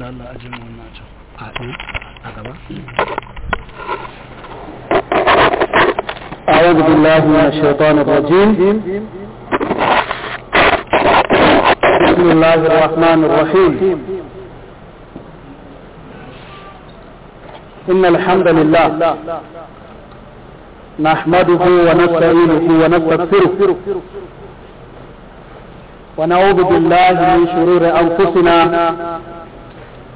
da Allah ajin wannan can أعوذ بالله من الشيطان الرجيم بسم الله الرحمن الرحيم إن الحمد لله نحمده ونستعينه ونستغفره ونعوذ بالله من شرور أنفسنا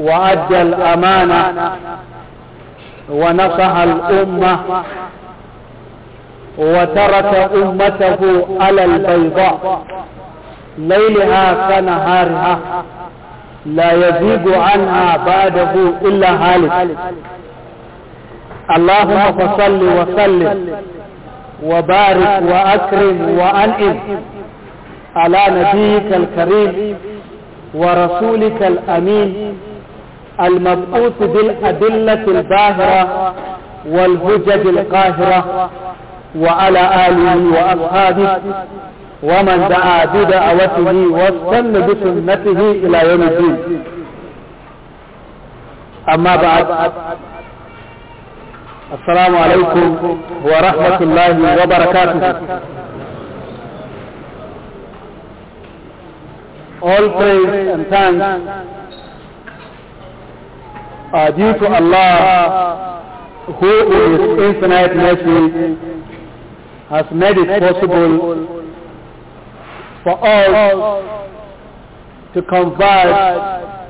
وأدى الأمانة ونصح الأمة وترك أمته على البيضاء ليلها كنهارها لا يزيد عنها بعده إلا هالك اللهم فصل وسلم وبارك وأكرم وأنئم على نبيك الكريم ورسولك الأمين المبعوث بالأدلة الباهرة والهجج القاهرة وعلى آله وأصحابه ومن دعا بدعوته واستن بسنته إلى يوم الدين أما بعد السلام عليكم ورحمة الله وبركاته All praise and thanks Uh, due to Allah who in His infinite mercy has made it possible for us to converse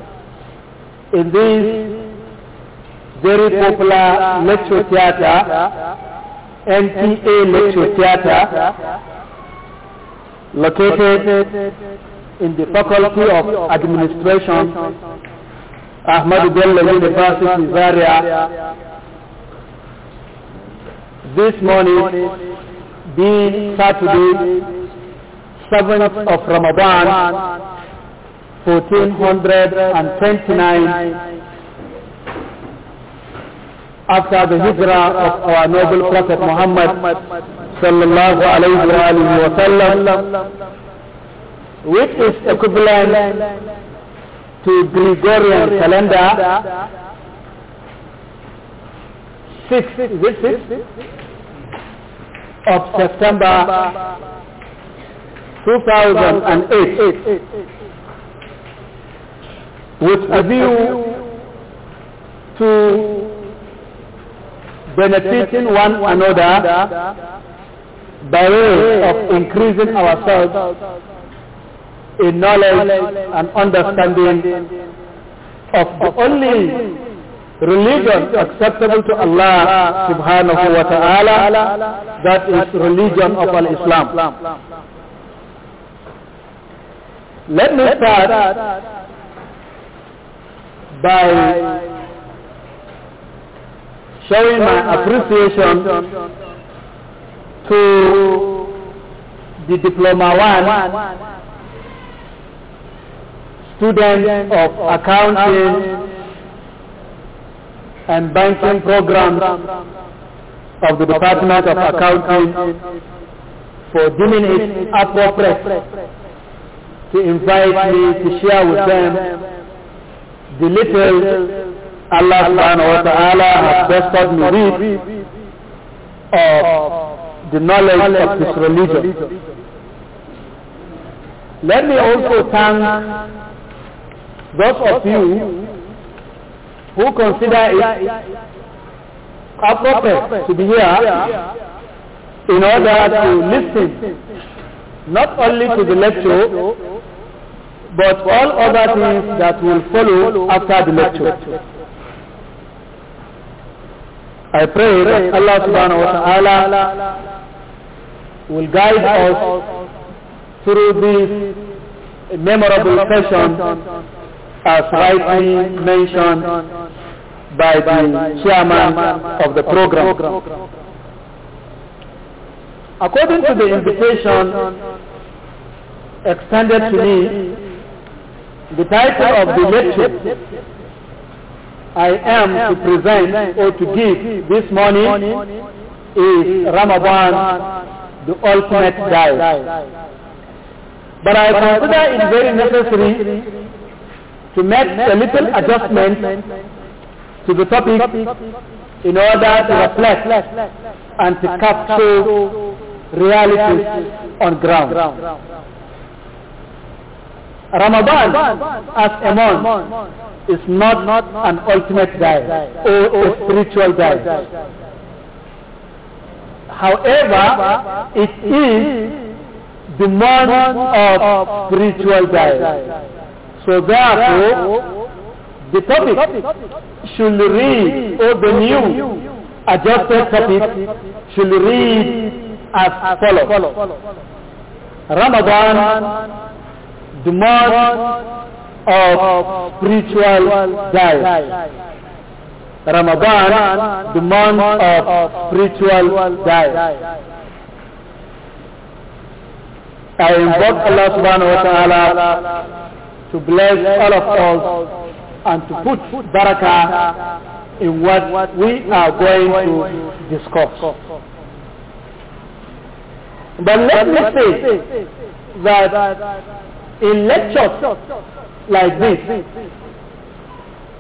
in this very popular lecture theatre, NTA lecture theatre, located in the Faculty of Administration Ahmad Bello University Zaria. This morning, being Saturday, 7th of Ramadan, 1429, after the Hijra of our noble Prophet Muhammad sallallahu alayhi wa sallam, which is equivalent to Gregorian calendar, sixth, is it sixth? Of September 2008, with a view to benefiting one another by way of increasing ourselves a knowledge and understanding of the only religion acceptable to Allah subhanahu wa ta'ala that is religion of al-Islam. Let me start by showing my appreciation to the Diploma 1 students of accounting and banking programs of the Department of Accounting for deeming it appropriate to invite me to share with them the little Allah subhanahu wa ta'ala has blessed me with of the knowledge of this religion. Let me also thank Those of you who consider it appropriate to be here in order to listen not only to the lecture but all other things that will follow after the lecture. I pray that Allah subhanahu wa ta'ala will guide us through this memorable session as rightly mentioned by the chairman of the program. According to the invitation extended to me, the title of the lecture I am to present or to give this morning is Ramadan, the ultimate diet. But I consider it very necessary to make a little adjustment to the topic in order to reflect and to capture reality on ground. Ramadan as a month is not an ultimate guide or a spiritual guide. However, it is the month of spiritual guide. So تضاف the topic should read or the new adjusted topic should read as follows. Ramadan, the month of spiritual diet. Ramadan, the month of spiritual diet. I invoke Allah subhanahu wa ta'ala to bless all of us and to put Baraka in what we are going to discuss. But let me say that in lectures like this,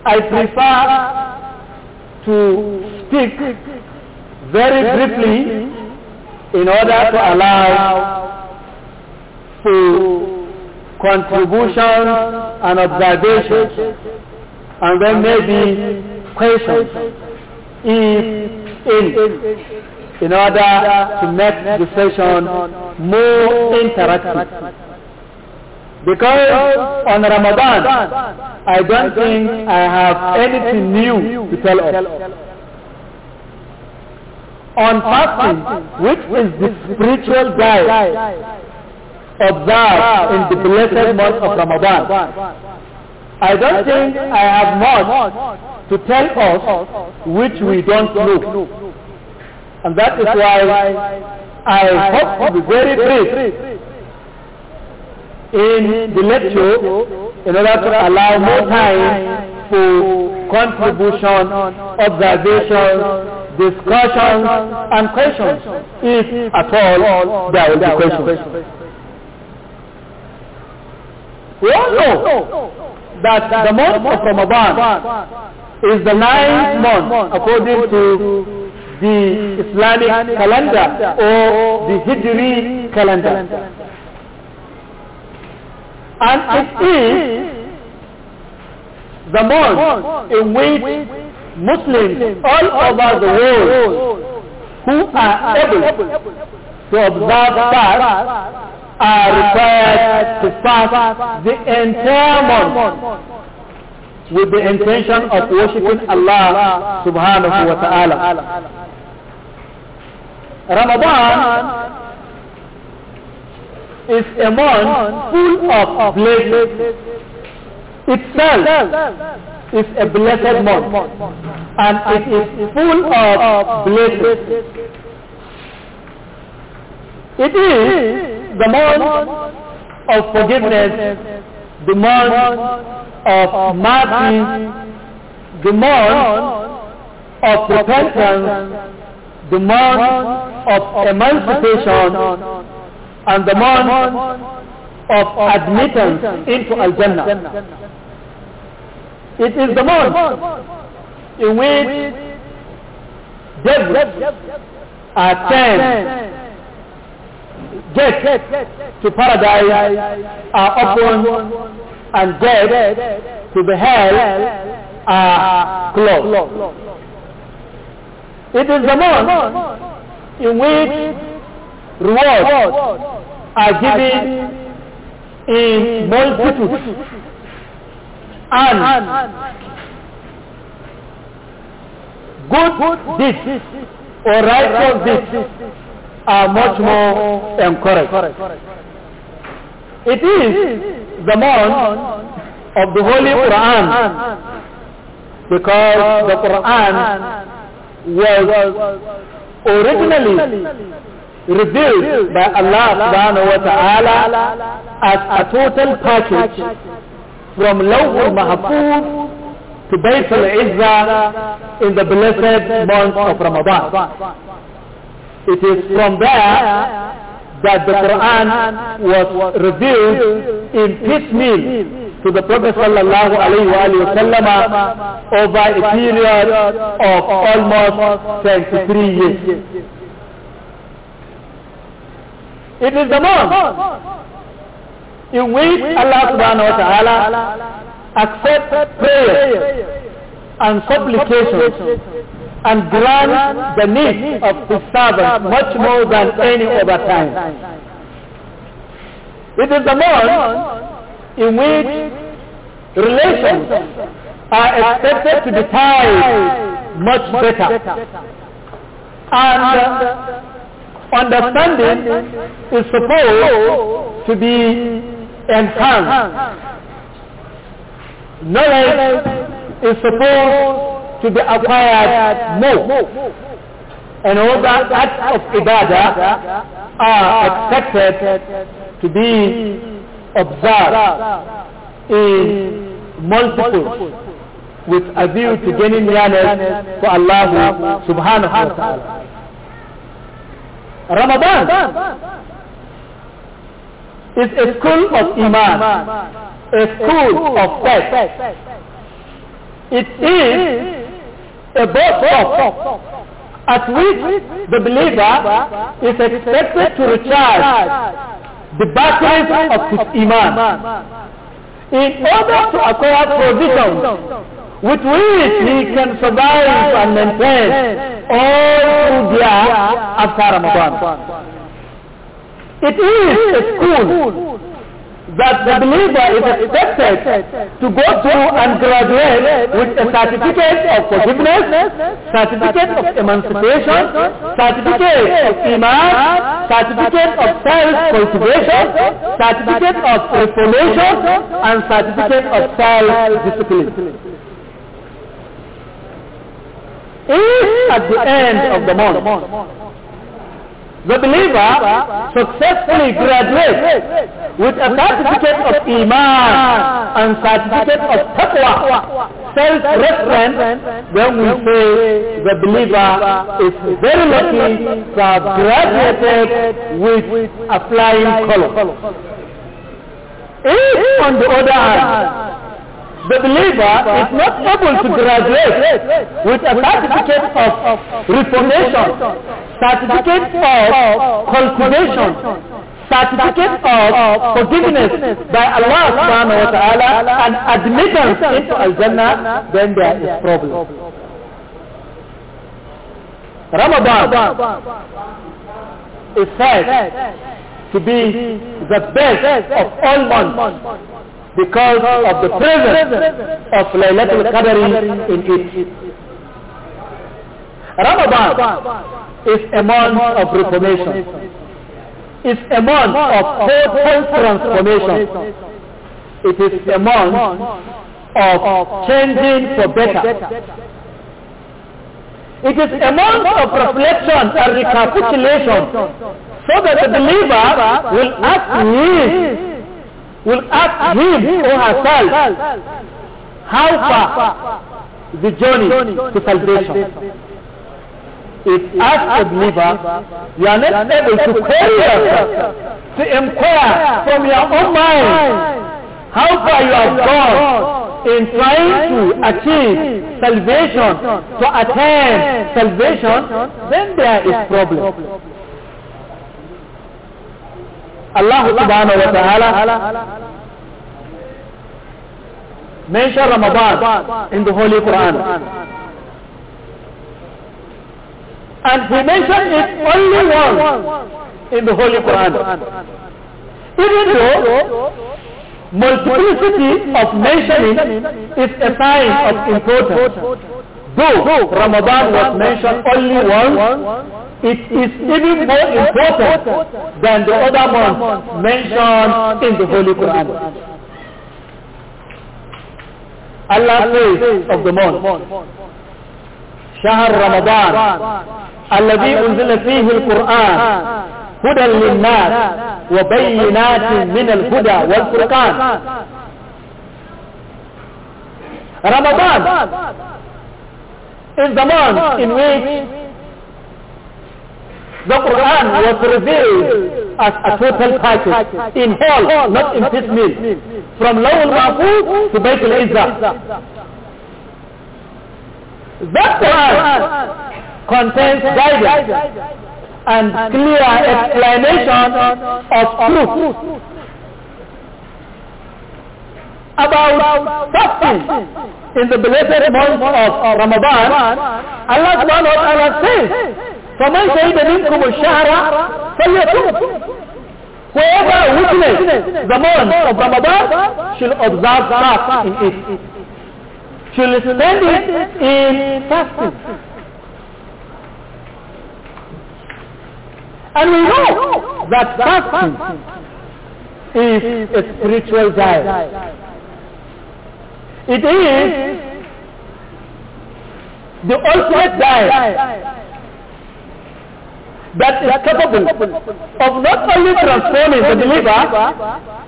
I prefer to speak very briefly in order to allow to contributions and observations, and then maybe questions if in in order to make the session more interactive. Because on Ramadan, I don't think I have anything new to tell us. On fasting, which is the spiritual guide observed in the blessed month of Ramadan. I don't think I have much to tell us which we don't know. And that is why I hope to be very brief in the lecture in order to allow more time for contribution, observations, discussions and questions, if at all there will be questions. We all know that the month of Ramadan is the ninth month according to the Islamic calendar or the Hijri calendar. And it is the month in which Muslims all over the world who are able to observe that are required to fast the entire month with the intention of worshipping Allah subhanahu wa ta'ala. Ramadan is a month full of blessings. Itself is a blessed month and it is full of blessings. It is the month of forgiveness, the month of mercy, the month of repentance, the month of emancipation, and the month of admittance into Al-Jannah. It is the month in which devils are gate to paradise are open and gates to the hell are closed. It is the month in which rewards are given in multitudes and good deeds or righteous deeds are much more encouraged. It is the month of the Holy Quran because the Quran was originally revealed by Allah subhanahu wa ta'ala as a total package from Lawful Mahfuz to Bayt al-Izza in the blessed month of Ramadan. It is from there that the Quran was revealed in piecemeal to the Prophet sallallahu alaihi wasallam over a period of almost 23 years. It is the month in which Allah subhanahu wa ta'ala accepts prayer and supplications and grant the needs of his servants much more than any other time. It is the month in which relations are expected to be tied much better. And understanding is supposed to be enhanced. Knowledge is supposed to be acquired more. And all the acts of ibadah are expected to be observed in multiple, with a view to gaining knowledge for Allah subhanahu wa ta'ala. Ramadan is a school of Iman, a school of faith. It is a birth at which the believer is expected to recharge the batteries of his iman in order to acquire provisions with which he can survive and maintain all through their after Ramadan. It is a school that the believer is expected to go through and graduate with a certificate of forgiveness, certificate of emancipation, certificate of iman, certificate of self-cultivation, certificate of reformation, and certificate of self-discipline. If at the end of the month The believer successfully graduates with a certificate of Iman and certificate of Taqwa, self-reference Then we say the believer is very lucky to have graduated with a flying color. If on the other hand, the believer is not able to graduate with a certificate of reformation, certificate of cultivation, certificate of forgiveness by Allah subhanahu wa ta'ala and admittance into Al-Jannah, then there is problem. Ramadan is said to be the best of all months because of the presence of Laylatul Qadr in it. Ramadan is a month of reformation. It's a month of total transformation. It is a month of changing for better. It is a month of reflection and recapitulation so that the believer will ask me will ask him or herself how far the journey to salvation. If as a believer you are not able to query yourself, to inquire from your own mind how far you have gone in trying to achieve salvation, to attain salvation, then there is problem. Allah subhanahu mention Ramadan in the Holy Quran. And he mentioned it only once in the Holy Quran. Even though multiplicity of mentioning is a sign of importance. Though Ramadan was mentioned only once, It is even more important than the other months mentioned in the Holy Quran. Allah says of the month, شهر رمضان الذي أنزل فيه القرآن هدى للناس وبينات من الهدى والفرقان Ramadan is the month in which The Quran was revealed as a total package, in whole, not in piecemeal, from Lawul waqf to Bayt al-Izzah. That Quran contains guidance and clear explanation of truth about fasting in the blessed month of Ramadan. Allah subhanahu says, فمن شهد منكم الشهر فليصوم whoever witness the month of Ramadan shall observe fast in it shall spend it in fasting and we know that fasting is a spiritual diet it is the ultimate diet that is capable of not only transforming the believer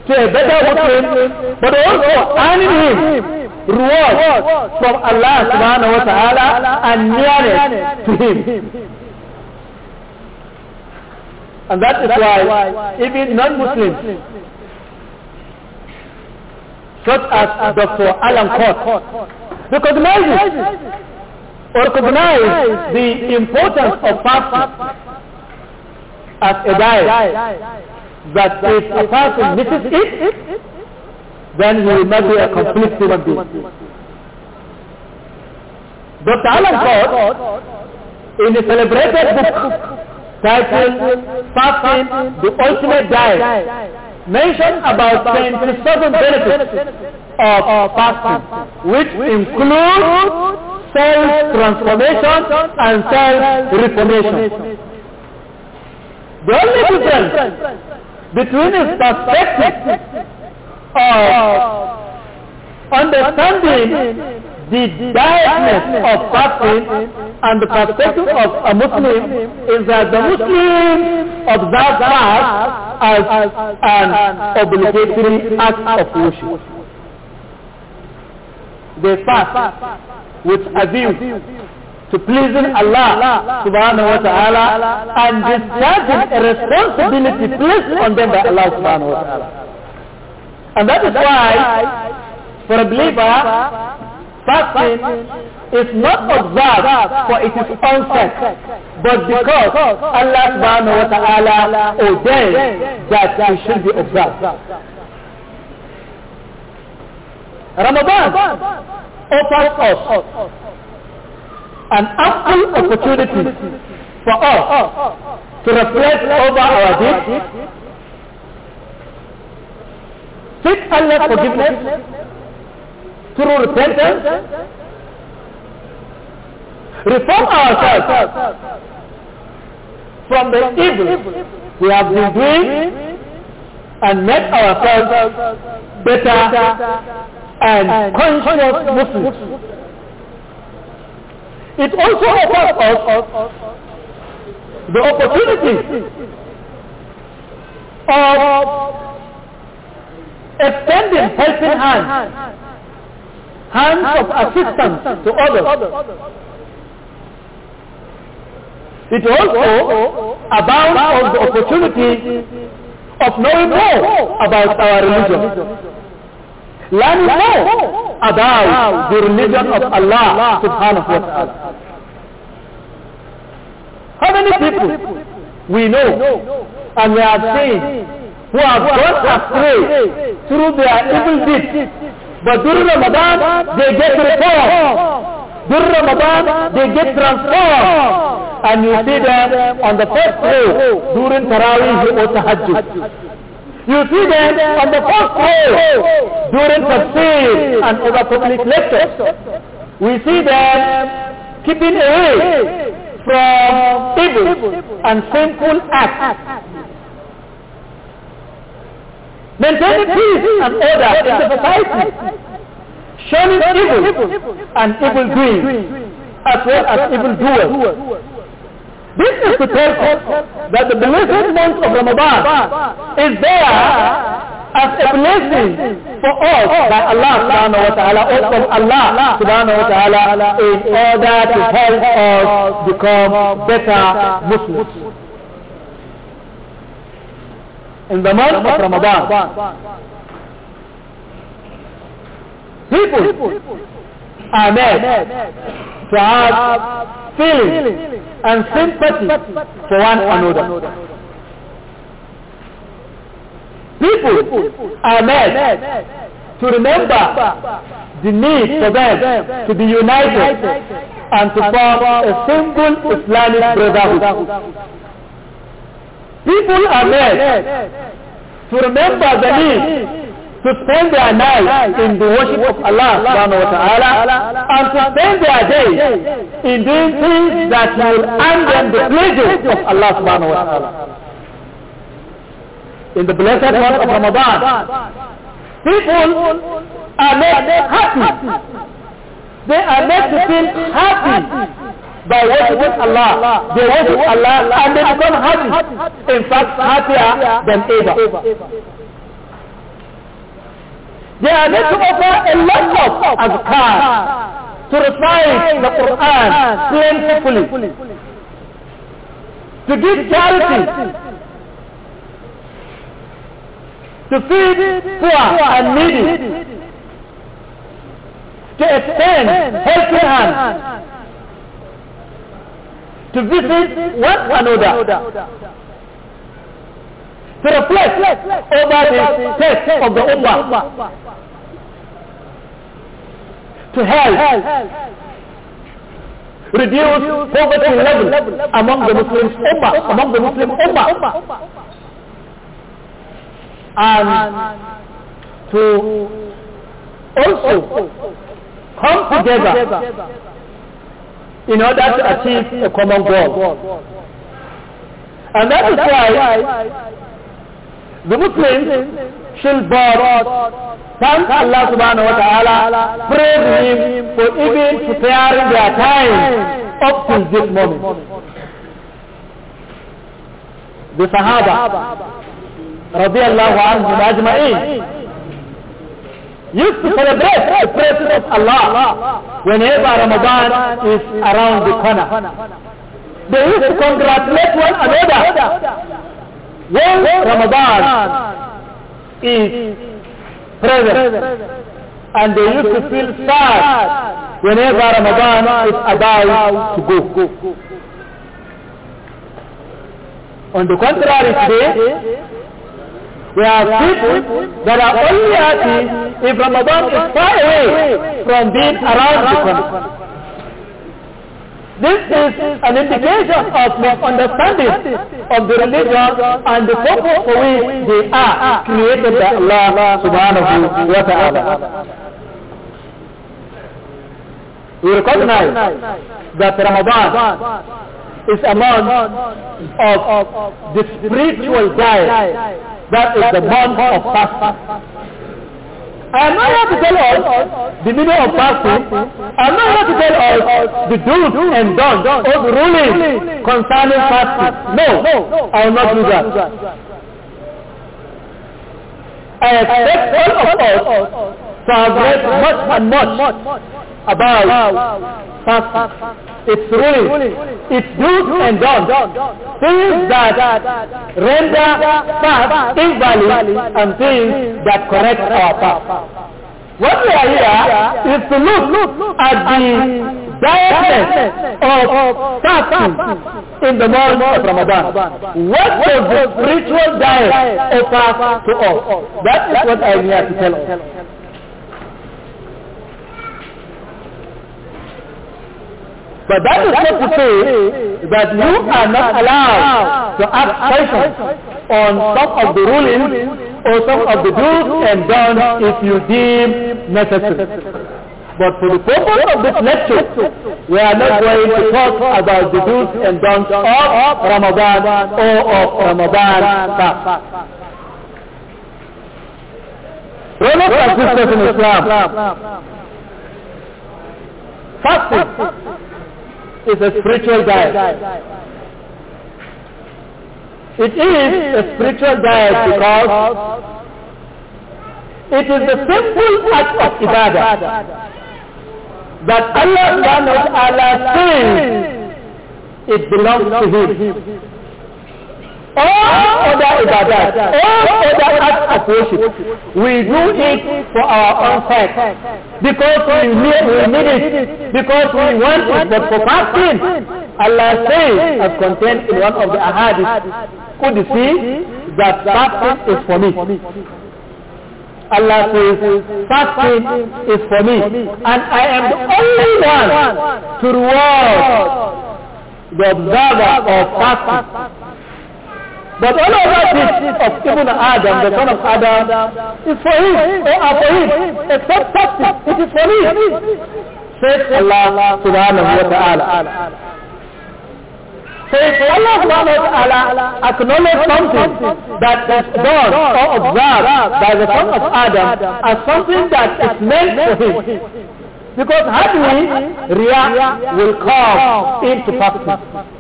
to a better Muslim, but also earning him reward from Allah subhanahu wa ta'ala and nearness to him. And that is why even non-Muslims, such as Dr. Alan Court, recognize or recognize the importance of fasting as a diet that if a person misses it, then he will not be a complete human being. Dr. Alan God, in a celebrated book titled Fasting, the Ultimate Diet, mentioned about 27 benefits of fasting, which include self-transformation and self-reformation. The only difference between his perspective of understanding the darkness of fasting and the perspective of a Muslim is that the Muslim observes fast as an obligatory act of worship. They fast with a view to pleasing Allah subhanahu wa ta'ala and discharging a responsibility placed on them by Allah subhanahu wa ta'ala. And that is why for a believer, fasting is not observed for it is onset, but because Allah subhanahu wa ta'ala ordained that it should be observed. Ramadan offers us an ample opportunity for us to reflect over our deeds, seek Allah's forgiveness through repentance, reform ourselves from the evil we have been doing and make ourselves better and conscious Muslims. It also offers us the opportunity of extending helping hands, hands of assistance to others. It also abounds on the opportunity of knowing more about our religion. me more about the religion of Allah subhanahu wa ta'ala. How many people we know and we have seen who have gone astray through their evil deeds, but during Ramadan they get reformed. During Ramadan, they get transformed. And you see them on the first row during Tarawih or Tahajjud. You see them on the first row during tafsir and other public lectures. We see them keeping away from evil and sinful acts. Maintaining peace and order in the society. Shunning evil and evil doing as well as evil doers. This is to tell us that the blessed month of Ramadan is there as a blessing for us by Allah subhanahu wa ta'ala or from Allah subhanahu wa ta'ala in order to help us become better Muslims. In the month of Ramadan, people are made to have feeling and sympathy for one another. People are made to remember the need for them to be united and to form a single Islamic brotherhood. People are made to remember the need to spend their night in the worship of Allah subhanahu wa ta'ala and to spend their day in doing things that will earn them the pleasure of Allah subhanahu wa ta'ala. In the blessed month of Ramadan, people are made happy. They are made to feel happy by worshiping Allah. They worship Allah and they become happy. In fact, happier than ever. They are made to offer a lot of azkar, to recite the Quran plentifully, to give charity, to feed poor and needy, to extend helping hands, to visit one another to reflect over the test of the Ummah. To help reduce poverty level among the Muslim Ummah, among the Muslim Ummah. And to also come together in order to achieve a common goal. And that is why The Muslims shall bow thank Allah subhanahu wa ta'ala, praise Him for even preparing their time up to this moment. The Sahaba, radiallahu anhum ajma'in, used to celebrate the presence of Allah whenever Ramadan is around the corner. They used to congratulate one another When Ramadan is present and they used to feel sad whenever Ramadan is about to go. On the contrary today, there are people that are only happy if Ramadan is far away from being around the country. This is an indication of misunderstanding of the religion and the purpose for which they are created by Allah subhanahu wa ta'ala. We recognize that Ramadan is a month of the spiritual diet. That is the month of fasting. I'm not here to tell us the meaning of fasting. I'm not here to tell us the do's and don'ts of ruling concerning fasting. No, I will not do that. I expect all of us So I've read much and much about fasting, its ruling, its do's and don'ts, things that render fast invalid and things that correct our fast. What we are here is to look at the darkness of fasting in the month of Ramadan. What does the spiritual diet offer to us? That is what I'm here to tell us. But that is not to say that you are not allowed to ask questions on some of the rulings or some of the do's and don'ts if you deem necessary. But for the purpose of this lecture, we are not going to talk about the do's and don'ts of Ramadan or of Ramadan fast. Brothers and sisters in Islam, fasting is a spiritual diet. It is a spiritual diet because it is the simple act of ibadah that Allah subhanahu wa says it belongs to Him. all other ibadat, all other acts of worship, we do it for our own sake. Because we need, we need it, because we want it, but for fasting, Allah says, as contained in one of the ahadith, could you see that fasting is for me? Allah says, fasting is for me. And I am the only one to reward the observer of fasting. But all of that is of even Adam, the son of Adam, is for him, or are for him, except practice, it is for him. Says Allah subhanahu wa ta'ala. Says Allah subhanahu wa ta'ala acknowledge something that is done or observed by the son of Adam as something that is meant for him. Because happily, we, Riyah will come into practice.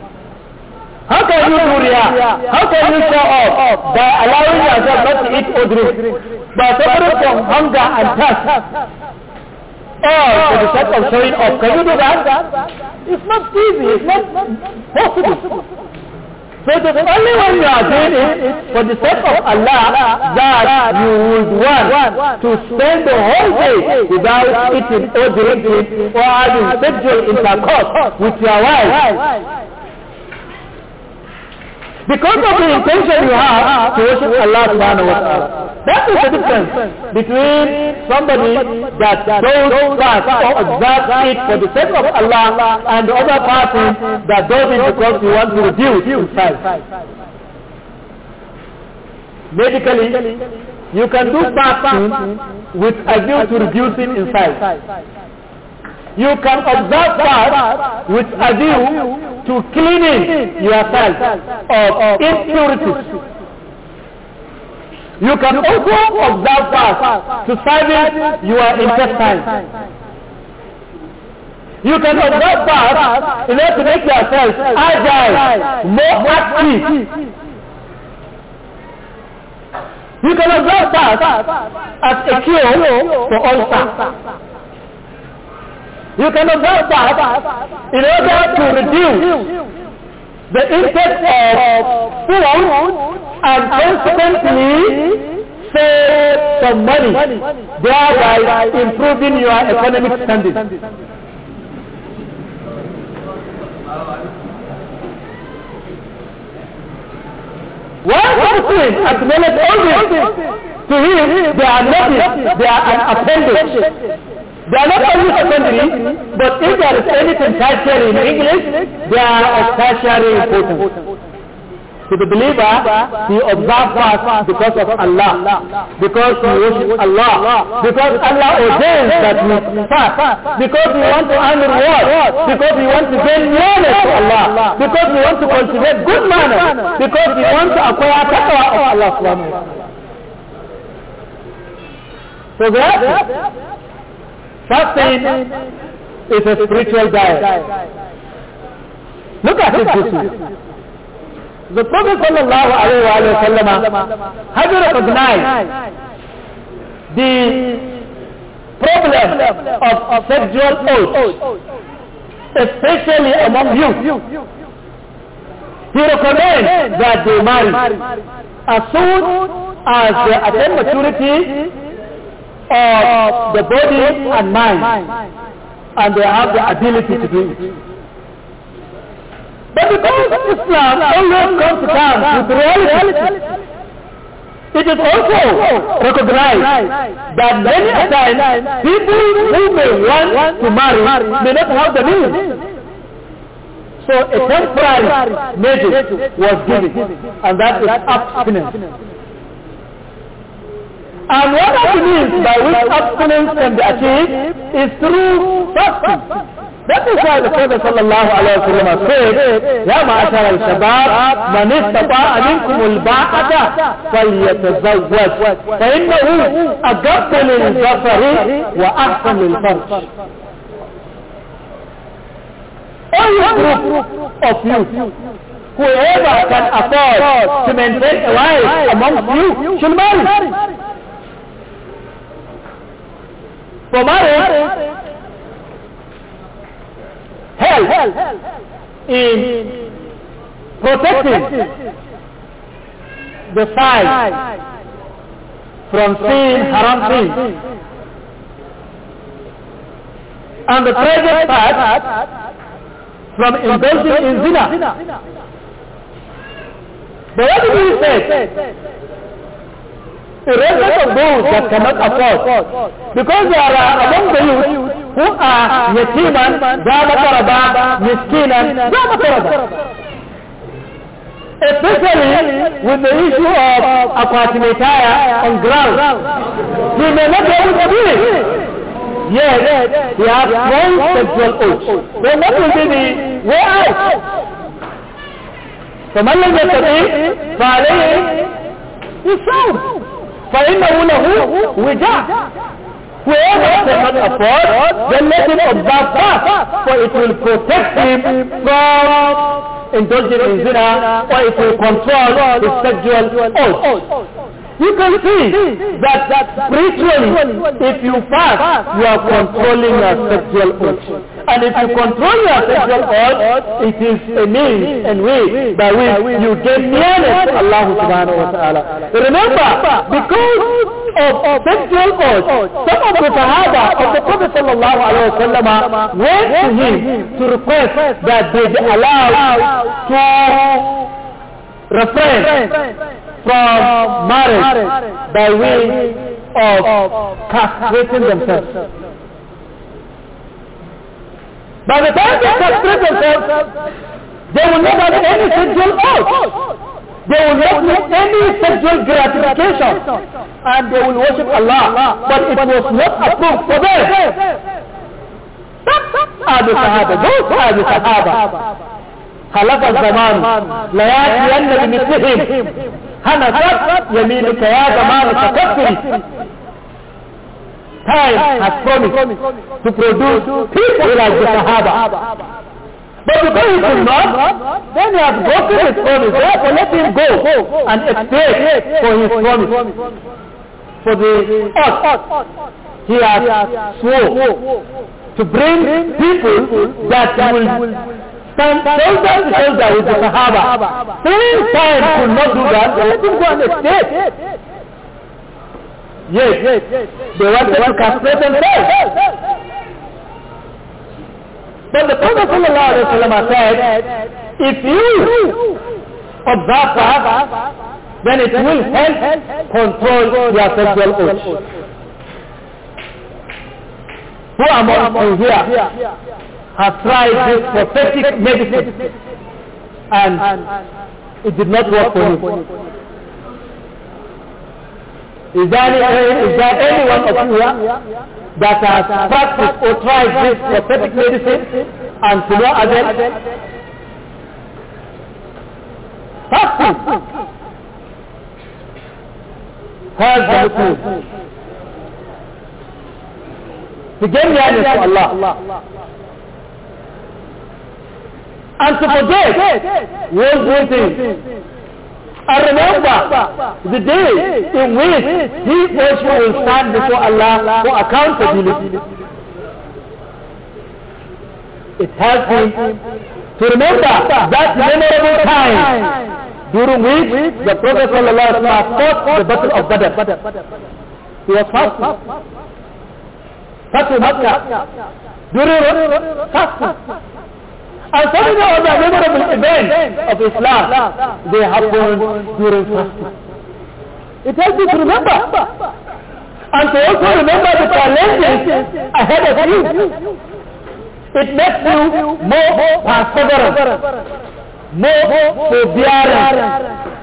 How can you do Riyah? How can you show off by allowing yourself not to eat or drink? By suffering from hunger and thirst. Or for the sake of showing off. Can you do that? It's not easy. It's not possible. So the only one you are doing is for the sake of Allah that you would want to spend the whole day without eating or drinking or having sexual intercourse with your wife. Because of the intention you have towards Allah subhanahu wa ta'ala. That is the difference between somebody that does that or observes it for the sake of Allah and the other person that does it because he wants to reduce himself. Medically, you can do fasting with a view to reducing inside. You can observe that with a view to cleaning yourself of impurities. You can also observe that to serving your intestines. You can observe that in order to make yourself agile, more active, you can observe that as a cure for ulcer. You cannot doubt that. In order to reduce the impact of food and consequently save some money, thereby improving your economic standing. One Muslim acknowledge all this. To him, they are nothing. They are an appendage. They are not only secondary, but if there is anything tertiary in English, they are of tertiary importance. To the believer, he observes fast because of Allah, because he worships Allah, because Allah ordains that we fast, because we want to earn reward, because we want to gain knowledge to Allah, because we want to cultivate good manners, because we want to acquire taqwa of Allah subhanahu So that, Fasting is a spiritual diet. Look at this issue. The Prophet sallallahu alayhi wa sallam has recognized the problem of sexual oath, especially among youth. He recommends that they marry as soon as they attain maturity of the body and mind, and they have the ability to do it. But because Islam always comes to terms with reality, it is also recognized that many a time people who may want to marry may not have the means. So a temporary measure was given, and that is abstinence. And one of the means by which abstinence can be achieved is through fasting. That is why the Prophet sallallahu alayhi wa sallam said, يا معشر الشباب من استطاع منكم الباعة فليتزوج فإنه أجب للبصر وأحسن للفرج. All group of youth, whoever can afford to maintain a life amongst you should marry. for marriage help in protecting the side from sin, haram sin. And the present part from indulging in zina. But what do you say? A rests of those that cannot afford. Because there are among the youth who are yatiman, dama taraba, miskinan, dama taraba. Especially with the issue of aquatimitaya on ground. He may not be able to do it. Yes, he has one sexual urge. Then what will be the way out? فمن لم يستطيع فعليه يصوم فإنه له وجاء Whoever cannot afford, then let him observe fast, for it will protect him from indulging in or it will control his sexual urge. You can see that, that spiritually, if you fast, you are controlling your sexual urge. And if you control your sexual urge, it is a means and way by which you get nearness to Allah subhanahu wa ta'ala. Remember, because of sexual urge, some of the Sahaba of the Prophet sallallahu alaihi wasallam went to him to request that they be allowed to refrain from marriage by way of castrating themselves. By the time they castrate themselves, they will not have any sexual urge. They will not make any sexual gratification and they will worship Allah. But it was not approved for them. Abu are the Sahaba. Those are the Sahaba. خلف الزمان لياتين بمثلهم هنفت يمينك يا زمان تكفري Time has promised to produce people like the Sahaba. But because he could not, then he has broken his promise. Therefore, let him go and expect for his promise. For the earth, he has swore to bring people that will Some thousands of soldiers with the Sahaba, three times could not do that, they let him go and escape. Yes, yes, they wanted to castrate themselves. But the Prophet ﷺ said, if you observe that, then it will help control your sexual urge. Who among you here had tried this prophetic medicine and it did not work for you. Is there, any, is there anyone of you that has practiced or tried this prophetic medicine and to no avail? Fasting helps the Muslims to gain the to Allah and to forget was one thing. And remember the day in which he also will stand before Allah for accountability. It helps him to remember that memorable time during which the Prophet of Allah fought the battle of Badr. He was fasting. Fatu Makkah. During fasting. And somehow other memorable events of Islam, they happen during fasting. It helps you to remember. And to also remember the challenges ahead of you. It makes you more perseverant, more forbearant,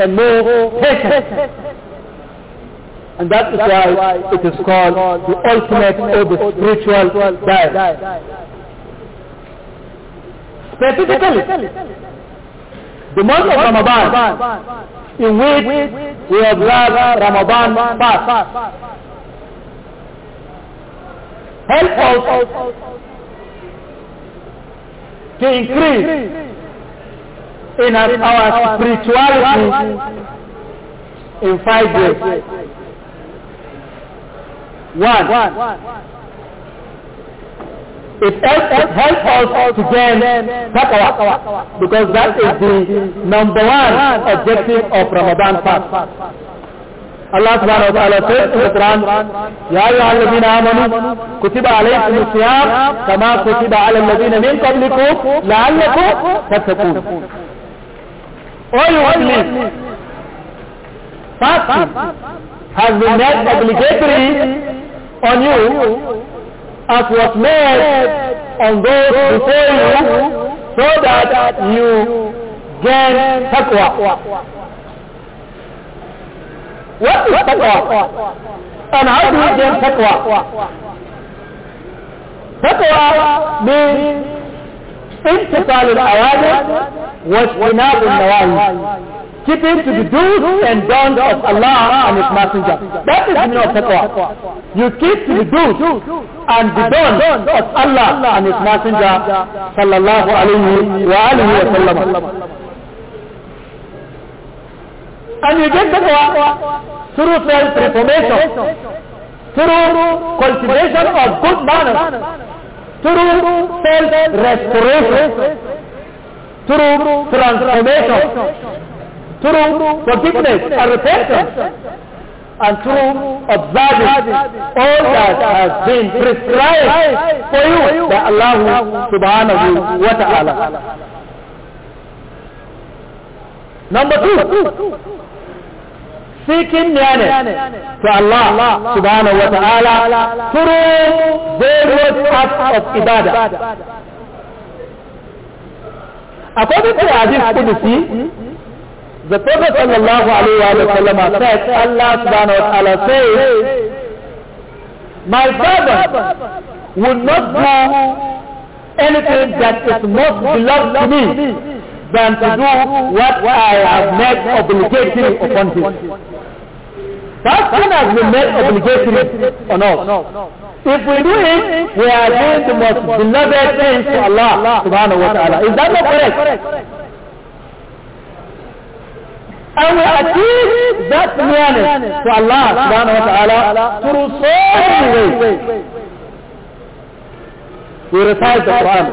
and more patient. And that is why it is called the ultimate or the spiritual diet. Specifically, the month of Ramadan, in which we observe Ramadan fast, help us to increase in our, our spirituality in five ways. One, it helps, it helps us to gain taqwa because that is the number one objective of Ramadan fast. الله سبحانه وتعالى في القرآن يا أيها الذين آمنوا كتب عليكم الصيام كما كتب على الذين من قبلكم لعلكم تتقون All you believe, fasting has been made obligatory on you as was made on those before you so that you gain taqwa. What is taqwa? And how do you gain taqwa? Taqwa means امتثال الأوامر واجتناب النواهي it to the do's and don'ts of Allah and His Messenger. That is the meaning of taqwa. You keep to the do's and the don'ts of Allah and His Messenger sallallahu alayhi wa wa sallam. And you get taqwa through self-reformation, through cultivation of good manners, through self-restoration, through transformation. through forgiveness and repentance and through observing all that has been prescribed for you by Allah subhanahu wa ta'ala. Number two, seeking nearness to Allah subhanahu wa ta'ala through various acts of ibadah. According to Hadith Qudsi, The Prophet sallallahu alayhi wa sallam said, Allah subhanahu wa ta'ala says, My father would not know anything that is most beloved to me than to do what I have made obligatory upon him. Fasting has been made obligatory on us. If we do it, we are doing the most beloved things to Allah subhanahu wa ta'ala. Is that not correct? and we achieve that nearness to Allah subhanahu wa ta'ala through so many ways. We recite the Quran.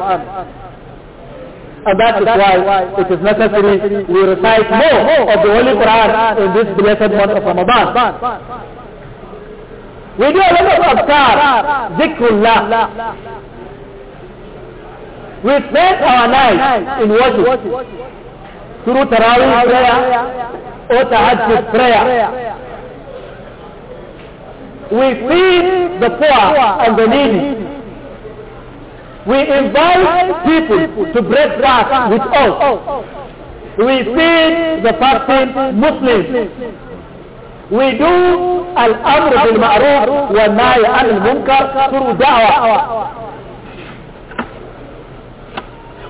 And that is why it is necessary we recite more of the Holy Quran in this blessed month of Ramadan. We do a lot of adhkar, dhikrullah. We spend our night in worship. through Tarawih prayer or Tahajjud prayer. We feed the poor and the needy. We invite people to break fast with us. We feed the fasting Muslims. We do al-amr bil ma'ruf wa nahy al munkar through da'wah.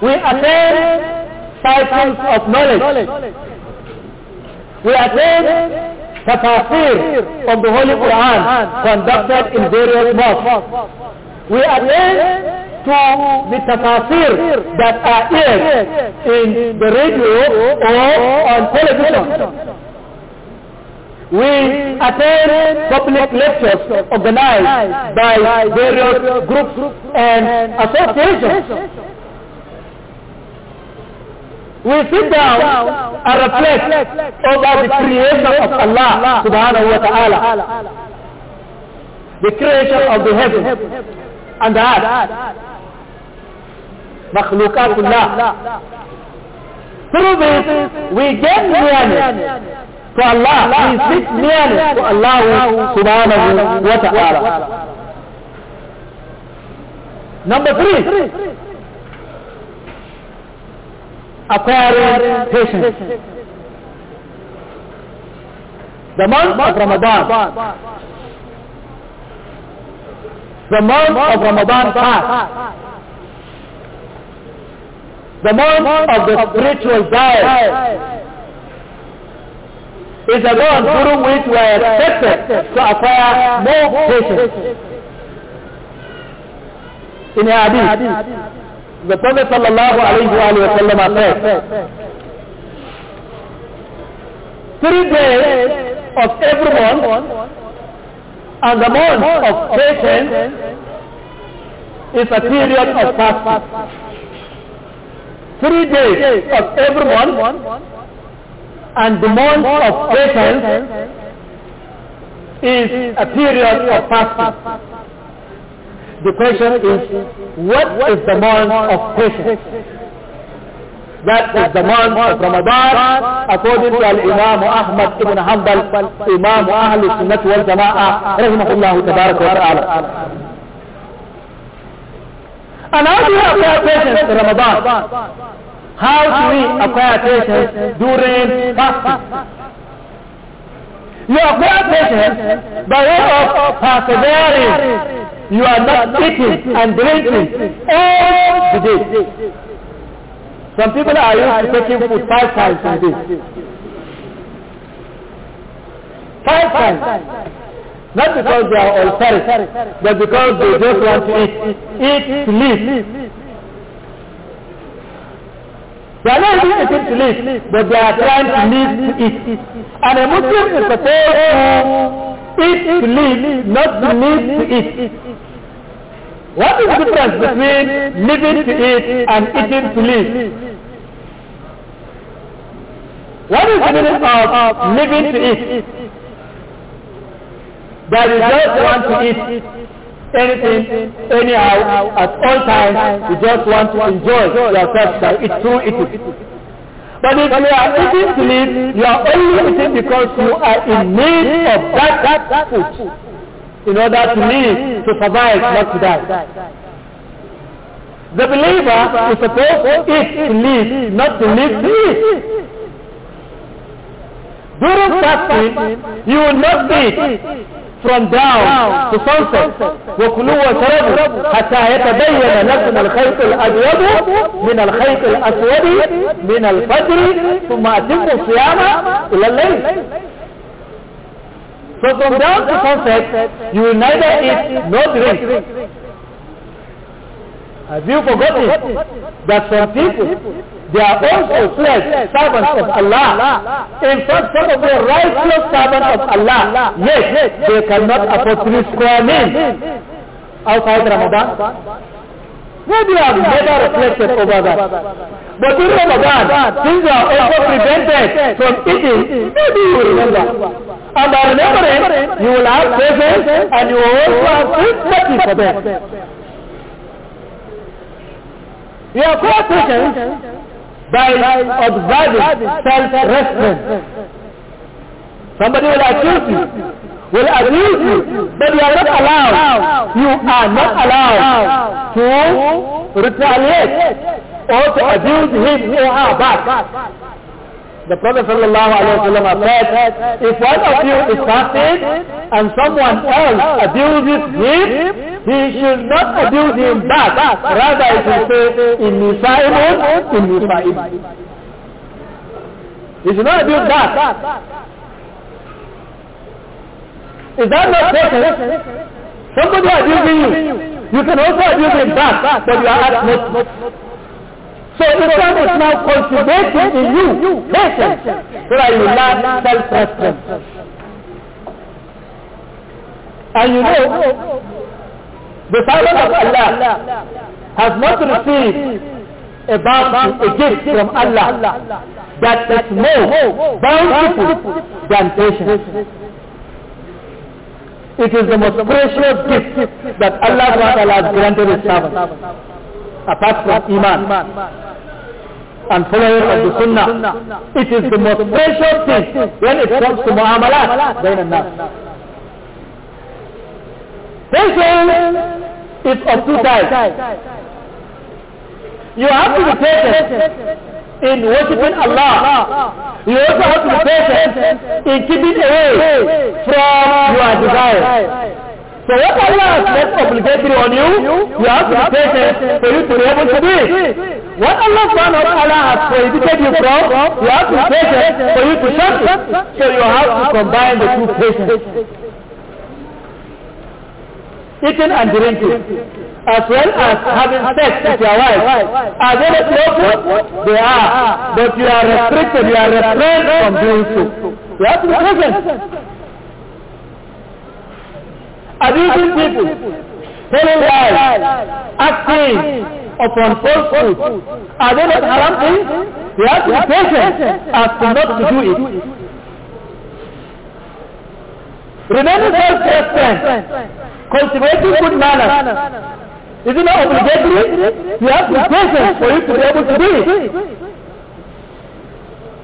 We attend titles of knowledge. We are the tafsir from the Holy Quran conducted in various mosques. We are told to the tafsir that are aired in the radio or on television. We attend public lectures organized by various groups and associations. We sit down and reflect over the creation of Allah subhanahu wa ta'ala. The creation of the heaven and the earth. Makhluqatullah. Through this, we gain nearness to Allah. We seek nearness to Allah subhanahu wa ta'ala. Number three, acquiring patience. The month of Ramadan. The month of Ramadan passed. The month of the spiritual diet is a month during which we are expected to acquire more patience. In hadith, the Prophet sallallahu alayhi wa sallam said, three days of every month and the month of patience is a period of fasting. Three days of every month and the month of patience is a period of fasting. The question is, what is the month of patience? That is the month of Ramadan according to imam Ahmad ibn Hanbal, Imam Ahl Sunnah wal Jama'ah, rahimahullah tabarak wa ta'ala. And how do you acquire patience in Ramadan? How do we acquire patience during fasting? You acquire patience by way of persevering you are not eating and drinking all the day. Some people are used to taking food five times a day. Five times. Not because they are ulceric, but because they just want to eat, eat, live. They are not even eating to live, but they are trying to live to eat. And a Muslim is supposed to eat to live, not to live to eat. What is the difference between living to eat and eating to live? What is the meaning of living to eat? That you just want to eat anything, anyhow, at all times, you just want to enjoy yourself by it through eating. But if you are eating to live. you are only eating because you are in need of that, that food in order to live, to survive, not to die. The believer is supposed to eat to live, not to live to eat. During fasting, you will not eat from down to sunset وكلوا واشربوا حتى يتبين لكم الخيط الأبيض من الخيط الأسود من الفجر ثم أتموا الصيام إلى الليل So from down to sunset, you will neither eat nor drink. Have you forgotten that some people They are also selfless servants of Allah. In fact, some of the righteous servants of Allah, yes, they cannot afford to be sworn outside Ramadan. Maybe you have never reflected over that. But in Ramadan, things are also prevented from eating. Maybe you remember. And by remembering, you will have presence and you will also have sympathy for them. You are quite Christians by observing self restraint Somebody will accuse you, will abuse you, but you are not allowed, you are not allowed to retaliate or to abuse him or her back. The Prophet ﷺ said, if one of you is fasting and someone else abuses him, he should not abuse him back. Rather, he should say, Inni sa'imun, Inni sa'imun. He should not abuse back. Is that not present? Somebody abusing you. You can also abuse him back, but you are at So Islam is now cultivating in you patience so that you learn self respect And you know, the servant of Allah has not received a bounty, a gift from Allah that is more bountiful than patience. It is the most precious gift that Allah has granted his servant, apart from Iman. and followers of the Sunnah. It is the most precious thing when it comes to mu'amalat bain and nas. Patience is of two types. You have to be patient in worshiping Allah. You also have to be patient in keeping away from your desires. So what Allah has made obligatory on you, you have to be patient for you to be able to do What Allah subhanahu wa ta'ala has prohibited you from, you have to be patient for you to shut it. So you have to combine the two patience. Eating and drinking, as well as having sex with your wife. Are they not lawful? They are. But you are restricted, you are restrained from doing so. You have to be patient abusing people, telling lies, acting upon falsehood. Are they not haram things? We have to be patient as to not to do it. Remaining self-restraint, cultivating good manners, is it not obligatory? You have to be patient for you to be able to do it.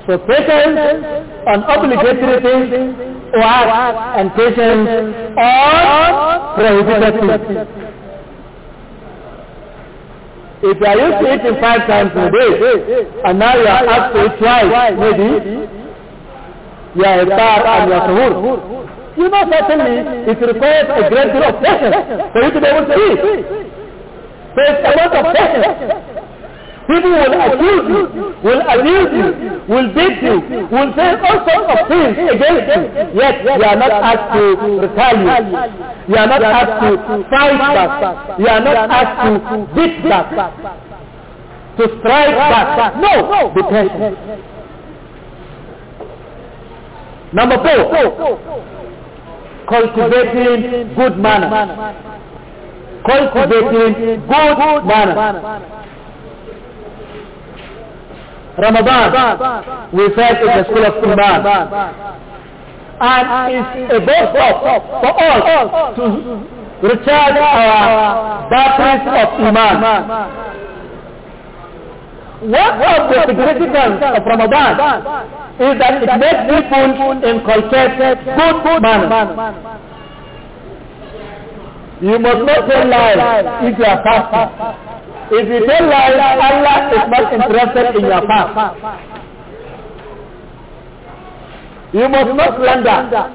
So patience on obligatory things coerced and patience or prohibited If you are used to eating five times a day, and now you are asked to eat twice, maybe, you are a tar and you are suhoor. You know certainly it requires a great deal of patience for you to be able to eat. So it's a lot of patience people will accuse you, will abuse you, will beat you, will say all sorts of things against you. Yet you are not asked to retaliate. You are not asked to fight back. You are not asked to beat back. To strike back. No, be patient. Number four, cultivating good manners. Cultivating good manners. Ramadan, we said is the school of Quran. And it's a both for all to recharge our batteries of Iman. What of the significance of Ramadan is that it makes people inculcate good manners. You must not tell lies if you are fasting. If you don't like Allah is not interested in your fast. You must not slander.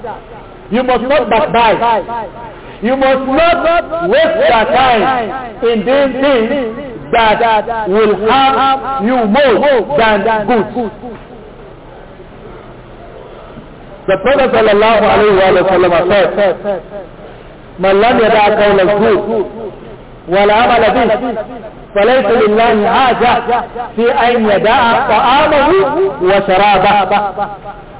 You must not backbite. You must not waste your time in doing things that will harm you more than good. The Prophet sallallahu alayhi wa sallam said, من لم يدع قول الزور ولا عمل به فليس لله حاجة في أن يدع طعامه وشرابه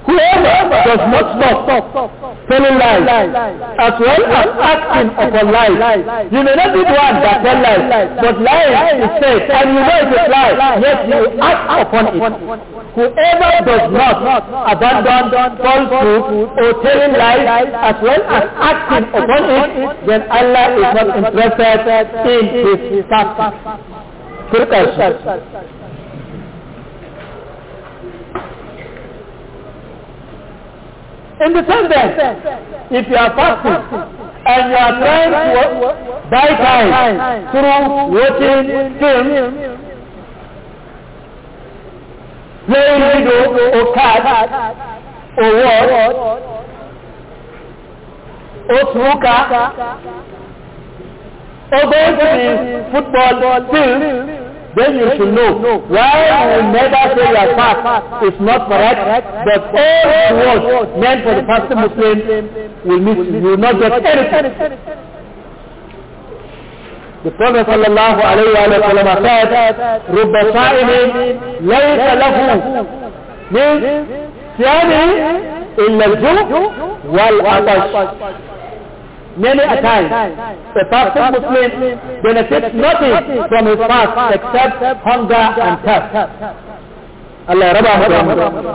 Whoever does not stop telling lies as well as acting upon lies, you may not be the one that tell lies, but lies is said and you know it is lie, yet you act upon it. Whoever does not abandon falsehood or telling lies as well as acting upon it, then Allah is not interested in his task. In the same sense, if you are fasting and you are trying to buy time through watching films, playing video or cards or what, or snooker, or going to the football field, then you should know why you never say your fast is not correct, but all words meant for the fasting Muslim will miss you. will not get anything. The Prophet sallallahu alayhi wa sallam said, رُبَّ صَائِمٍ لَيْسَ لَهُ مِنْ صِيَامِهِ إِلَّا الْجُوعُ وَالْعَطَشُ many a time, The Prophet Muslim benefits nothing from his fast except hunger and thirst. Allah Rabbah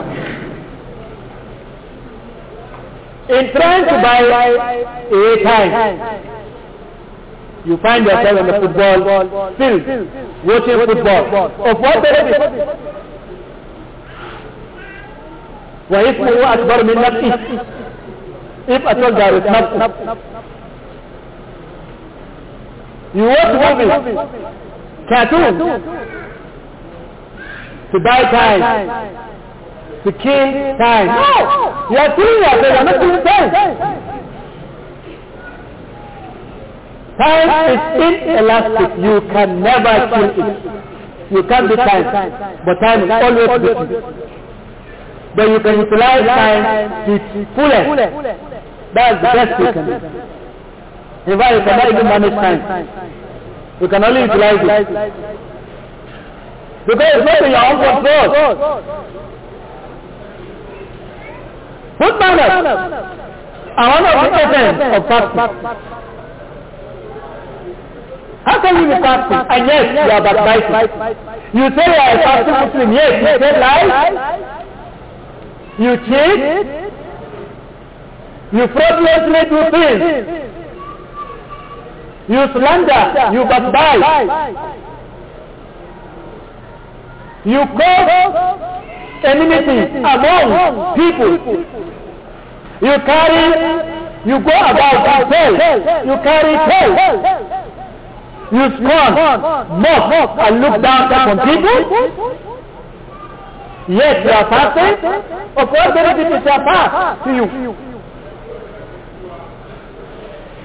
In trying to buy a time, you find yourself in the football field, watching football. Of what benefit? وَإِسْمُهُ أَكْبَرُ مِنْ نفسه. If at all there is nothing. You watch movies, cartoons, to buy time, to kill time. No! You are killing yourself, you are not killing time. Time is inelastic. You can never kill it. You can't be time, but time is always with you. But you can utilize time to its fullest. That's the best you can do. If I cannot even manage time, you can only utilize it. Because it's not in your own control. Good manners are one of the essence of fasting. How can you be fasting and yes, you are backbiting? You say you are a fasting Muslim, yes, you say lies, you cheat, you fraudulently do things. You slander, you backbite. You cause enmity among people. You carry, you go about and tell, you carry tell. You scorn, mock, and look down upon people. Yes, you are fasting. Of course, many people shall ah, pass to you.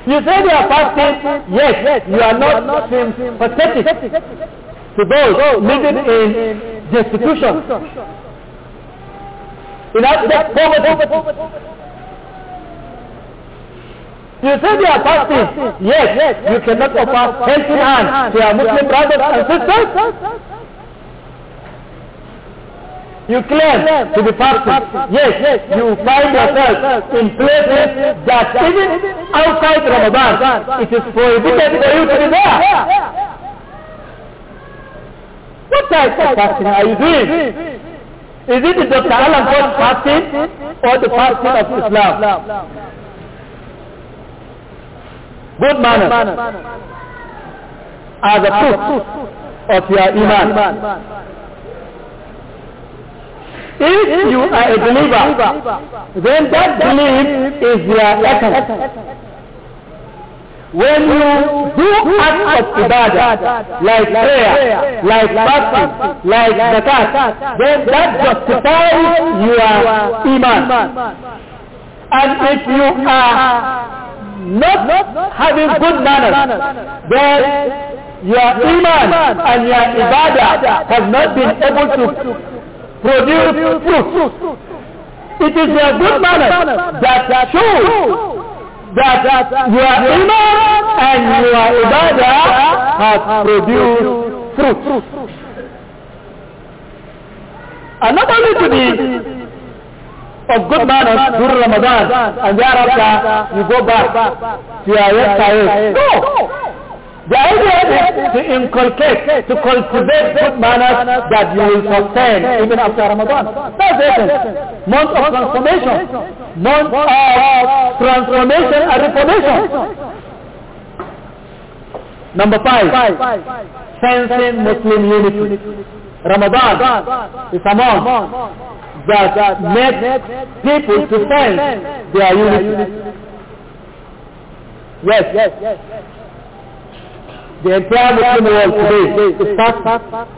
You say they are fasting, yes, you are not, not to those living in destitution, in abject poverty. You say they are fasting, yes, you cannot offer helping hand to your Muslim brothers and sisters. You claim to be fasting. Yes, you find yourself in places that even outside Ramadan, it is prohibited for you to be there. What type of fasting are you doing? Is it the Dr. Alan Ford fasting or the fasting of Islam? Good manners are the proof of your iman. If you are a believer, then that belief is your essence. When you do acts of ibadah, like prayer, like fasting, like zakat, then that justifies your iman. And if you are not having good manners, then your iman and your ibadah have not been able to produce fruit. It is a good manners that show that you are iman and you your ibadah has produced fruit. And not only to be of good manners during Ramadan and thereafter you go back to your yesterday. No! The idea is to inculcate, to cultivate good manners that you will sustain even after Ramadan. That's it. Month of transformation. Month of transformation and reformation. Number five, sensing Muslim unity. Ramadan is a month that makes people to sense their unity. Yes, yes, yes the entire Muslim world today to start.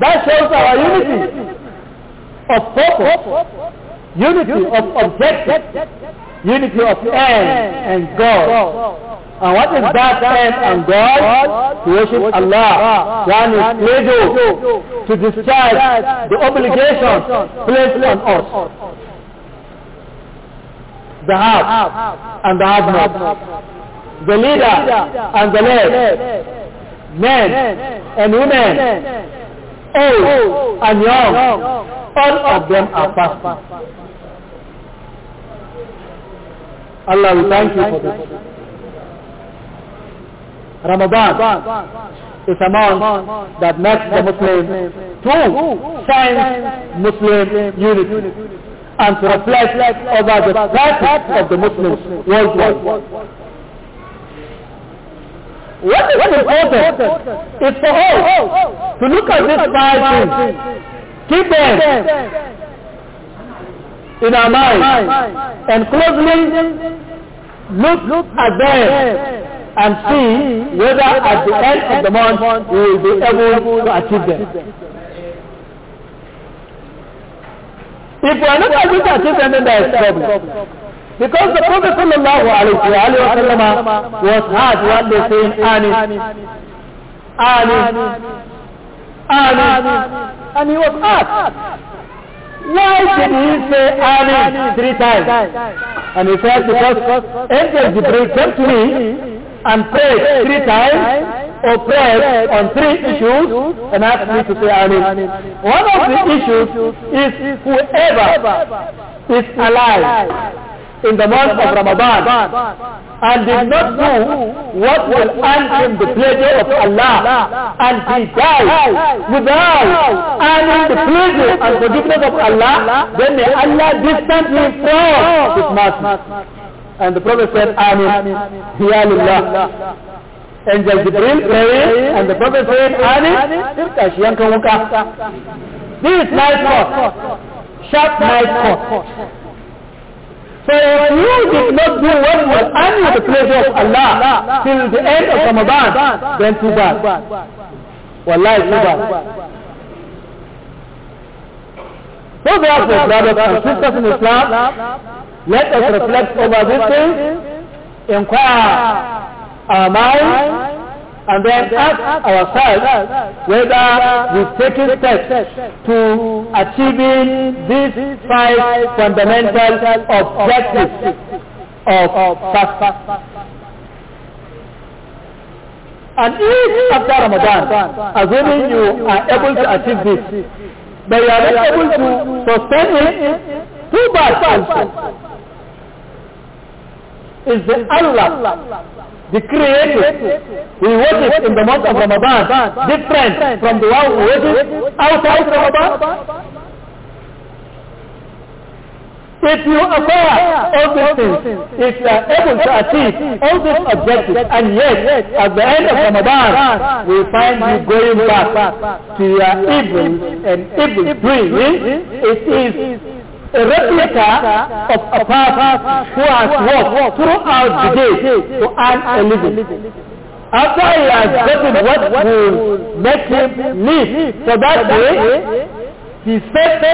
That shows our unity of purpose, unity of objective, unity of end and God. And what is that end and God? To worship Allah. One is pleasure to discharge the obligation placed on us. The have and the have not. the leader and the led, men and women, old and young, all of them are fasting. Allah, we thank you for this. Ramadan is a month that makes the Muslim to sign Muslim unity and to reflect over the practice of the Muslims worldwide. What is important It's for us to look at this five things, keep them in our mind, and closely look at them and see whether at the end of the month we will be able to achieve them. If we are not able to achieve them, then there is problem. Because the Prophet sallallahu alayhi wa sallam was heard what they saying, Ani, Ani, Ani, and he was asked, why did he say Ani three times? And he said, because Angel Jibreel came to me and prayed three times, or prayed on three issues and asked me to say Ani. One of the issues is whoever is alive in the month of Ramadan and did not do what will earn him the pleasure of Allah and he died without earning the pleasure and forgiveness of Allah then may Allah distance him from his mercy and the Prophet said Amin Hiyalullah Angel Jibril praying and the Prophet said Amin Irka Shiyankan Wuka This is my court sharp night court So if you did not do what was under the pleasure of Allah till the end of Ramadan, then too bad. Wallahi, too bad. So therefore, brothers and sisters in Islam, let us reflect over this thing. inquire our minds, and then ask ourselves whether we've taken steps to achieving these five fundamental objectives of fast. And if after Ramadan, assuming you are able to achieve this, but you are not able to sustain it, too bad also. Is the Allah the creator we worship in the month of Ramadan different from the one we worship outside Ramadan? If you acquire all these things, if you are able to achieve all these objectives, and yet at the end of Ramadan, we find you going back to your evil and evil doing, it is a replica of a person who has worked throughout the day to earn a living. After he has gotten what will make him live for that day, he sets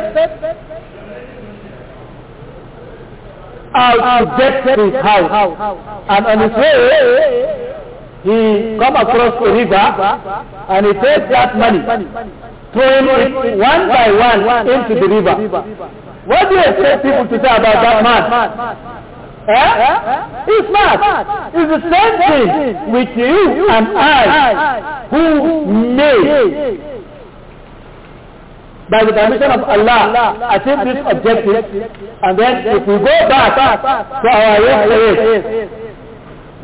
out to get his house. And on his way, he come across a river and he takes that money, throwing it one by one into the river. What do you expect people to say about that man? Eh? It's eh? mad. It's the same thing with you and I who made by the permission of Allah achieve this objective and then if we go back to our yesterday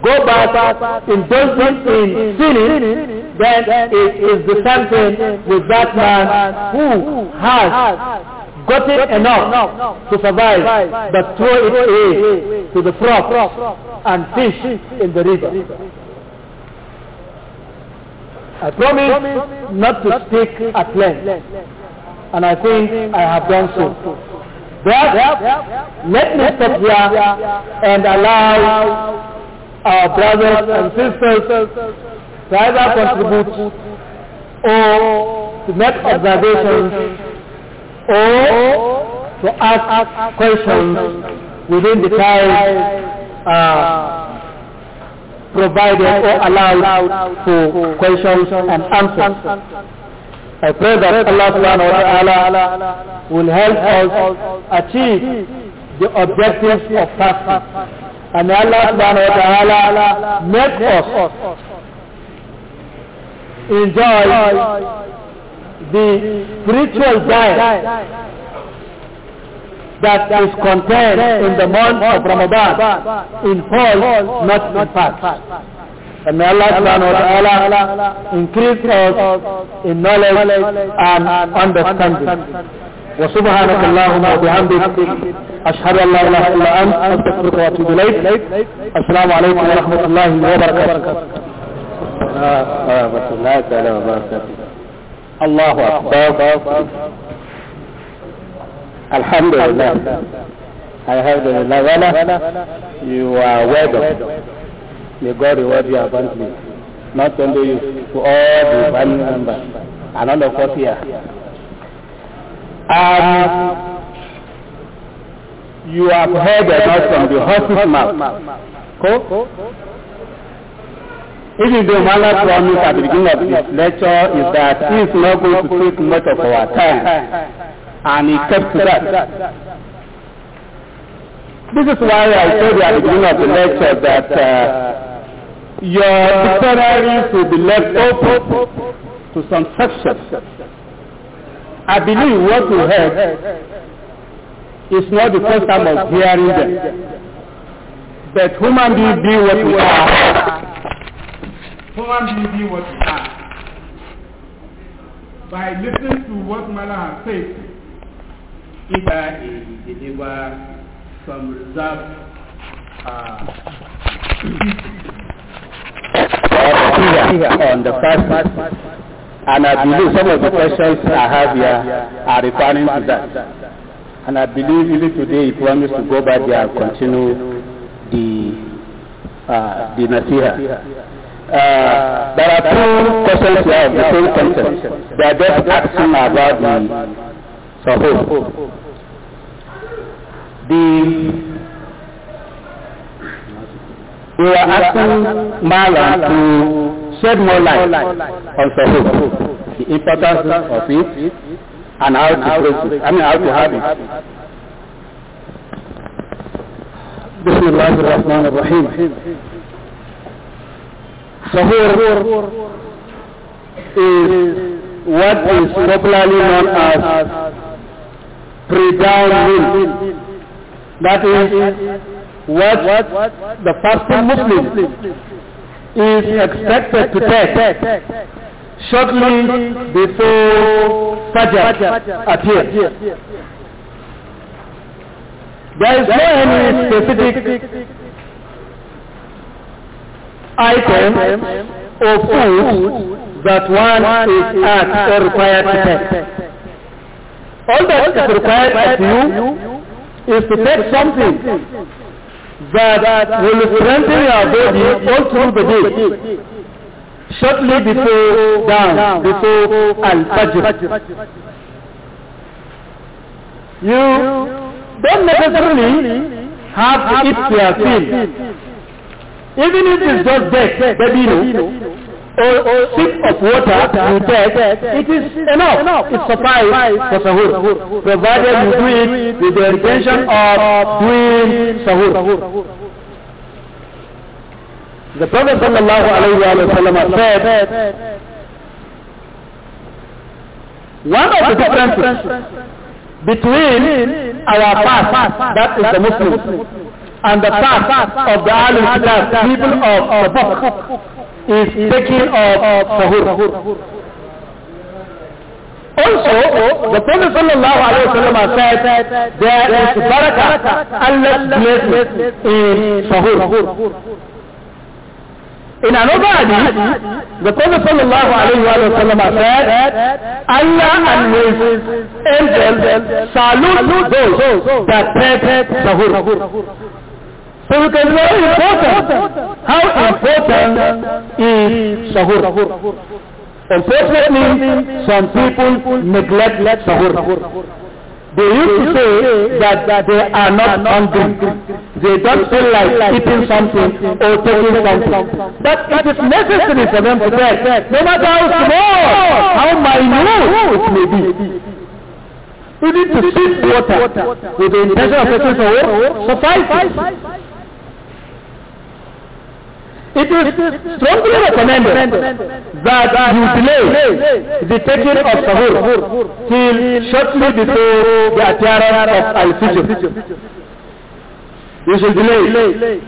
go back indulging in sinning then it is the same thing with that man who has gotten enough to survive, but throw it away to the frogs and fish in the river. I promise not to speak at length, and I think I have done so. But let me stop here and allow our brothers and sisters to either contribute or to make observations or to ask questions within the time uh, provided or allowed for questions and answers. I pray that Allah subhanahu wa ta'ala will help us achieve the objectives of fasting. And Allah subhanahu wa ta'ala make us enjoy the spiritual diet that is contained in the month of Ramadan in fall, not in fast. And may Allah subhanahu wa ta'ala increase us in knowledge and understanding. وسبحانك اللهم وبحمدك أشهد أن لا إله إلا أنت أستغفرك وأتوب إليك السلام عليكم ورحمة الله وبركاته. ورحمة الله Allahu Akbar. Alhamdulillah. Alhamdulillah. Wala, you are well May God reward you abundantly. Not only you, to all the family members. And all of us here. Um, you have heard about from the hospital mouth. Cool? If you do Mala promise at the beginning of this lecture is that he is not going to take much of our time. And he kept to that. This is why I told you at the beginning of the lecture that uh, your dictionaries will be left open to some sections. I believe what you heard is not the first time of hearing them. But human beings do what we are. Proverbs using what you have. By listening to what Mala has said, either he deliver some reserved uh, on the first part, and I believe some of the questions I have here are referring to that. And I believe even today he promised to go back there and continue the uh, the Nasiha there are two questions here of the same concept. They are just asking about the support. The we are asking Malam to shed more light on support, the importance of it, and how to break it. I mean, how to have it. بسم الله الرحمن الرحيم Sahur is what is popularly known as pre-dawn meal. That is what the fasting Muslim is expected to take shortly before Fajr appears. There is no any specific item or food that one is asked or required to take. All that is required of you is to take something that will strengthen your body all through the day, shortly before dawn, before al-fajr. You don't necessarily have to eat your fill. Even if it's just debt, Bebino, or, or sip of water you take, it is enough. It suffices for sahur, provided you do it with the intention of doing sahur. The Prophet sallallahu alayhi wa sallam said, one of the differences between our fast, that is the Muslim, and the path of the Ahlul Kitab, people of the book, is taking of sahur. Also, the Prophet sallallahu alayhi wa sallam said there is barakah, Allah's blessing in sahur. In another hadith, the Prophet sallallahu alayhi wa sallam said, Allah and his angels salute those that prepare sahur. So it is very important. How important is sahur? Unfortunately, some people neglect sahur. They used to say that they are not hungry. They don't feel like eating something or taking something. But it is necessary for them to get, no matter how small, how minute it may be. We need to sip water with the intention of taking sahur suffices. It is strongly recommended that you delay the taking of sahur till shortly before the appearance of al-fijr. You should delay.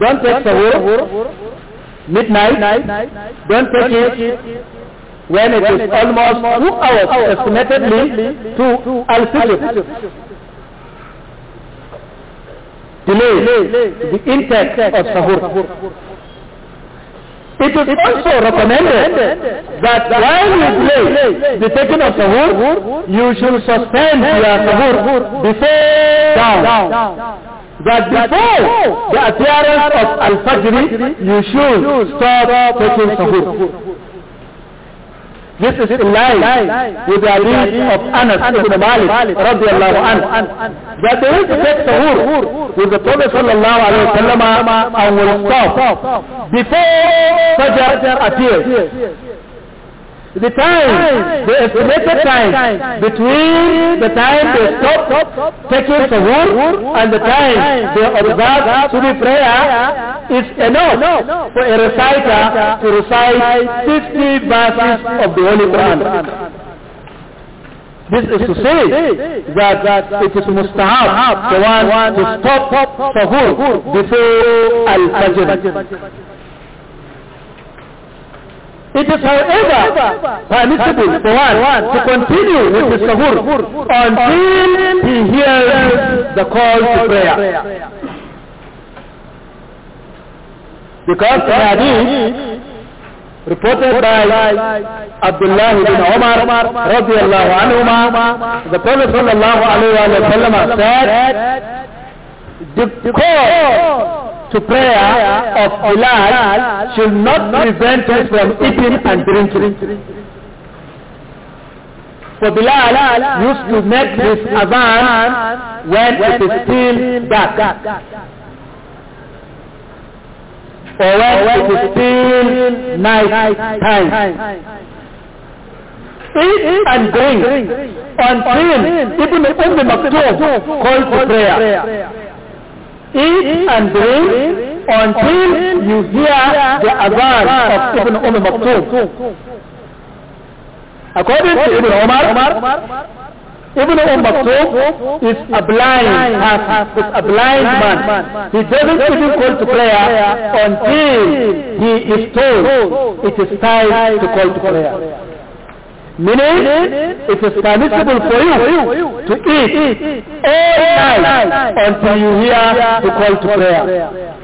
Don't take sahur midnight. Don't take it when it is almost two hours estimatedly to al-fijr. Delay the intake of sahur. It is also recommended that while you play the taking of sahur, you should suspend your sahur before down that before the appearance of al you should stop taking sahur. This is in line with the hadith of Anas ibn Malik radiallahu anhu that they will take sahur with the Prophet sallallahu alayhi wa sallam and will stop before Fajr appears. the time, the estimated time between the time they stop taking the wood and the time they observe to do prayer is enough for a reciter to recite 50 verses of the Holy Quran. This is to say that, it is mustahab the one to stop sahur before al-fajr. It is however permissible for one to continue with his sahur until he hears the call to prayer. Because the hadith reported by Abdullah ibn Umar radiallahu anhuma, the Prophet sallallahu alayhi wa sallam said, the call to prayer of Bilal should not prevent us from eating and drinking. For Bilal used to make this adhan when it is still dark. Or when it is still night time eat and drink until even Umm Maktoum calls to prayer. Eat and drink until you hear the adhan of Ibn Umar Maktoum. According to Ibn Umar, Ibn Umm Maktoum is a blind is a blind man. He doesn't even call to prayer until he is told it is time to call to prayer. Meaning, it is permissible for you to eat all night until you hear the call to prayer.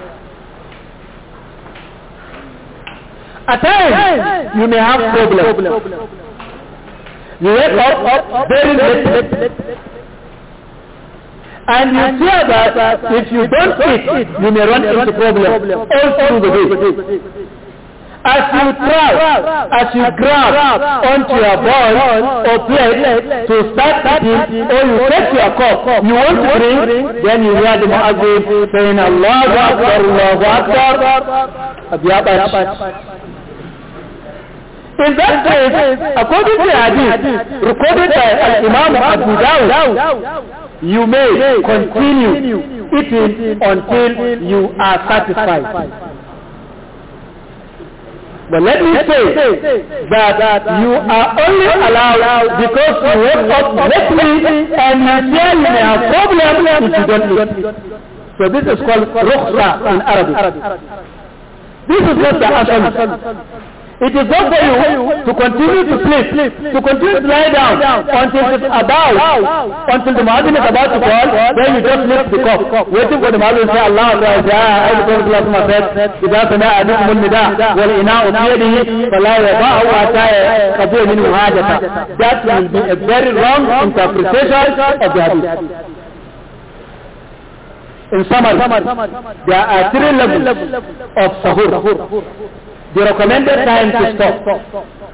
At times, you may have problems. You wake up very late, and you fear that if you don't eat, you may run into problems all through the day. As you try, as you grab onto your ball or plate to start eating, or you take your cup, you want to drink, then you hear the Muazzin saying, Allahu Akbar, Allahu Akbar, Abiyabash. In that case, according to the hadith recorded by Imam Abu Dawud, you may continue eating until you are satisfied. But let me say that you are only allowed because you woke up lately and you feel you may have problem if you don't eat. So this is called rukhsa in Arabic. This is not the asal. It is not for you to continue to sleep, to continue to lie down until it is about, until the Muazzin is about to call, then you just lift the cup, waiting for the Muazzin to say, Allah Raja'a, I will go to said, إذا سمع أدوكم النداء والإناء في يده فلا يضعه حتى يقضي منه حاجته. That will be a very wrong interpretation of the hadith. In summary, there are three levels of sahur the recommended time to stop,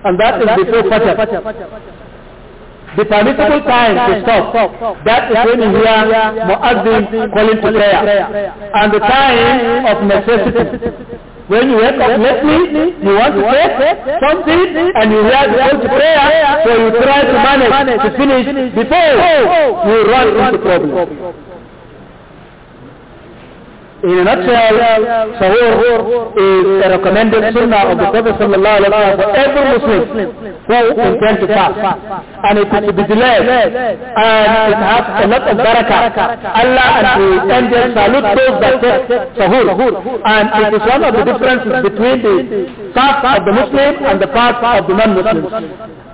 and that is before Fajr. The permissible time to stop, that is when you hear Muazzin calling to prayer, and the time of necessity. When you wake up lately, you want to say something and you hear the call to prayer, so you try to manage to finish before you run into problem. In a nutshell, sahur is a recommended sunnah of the Prophet sallallahu alaihi wasallam for every Muslim who intends to fast. And it could be delayed. And it has a lot of barakah. Allah and the angels salute those that take sahur. And it is one of the differences between the fast of the Muslim and the fast of the non-Muslim.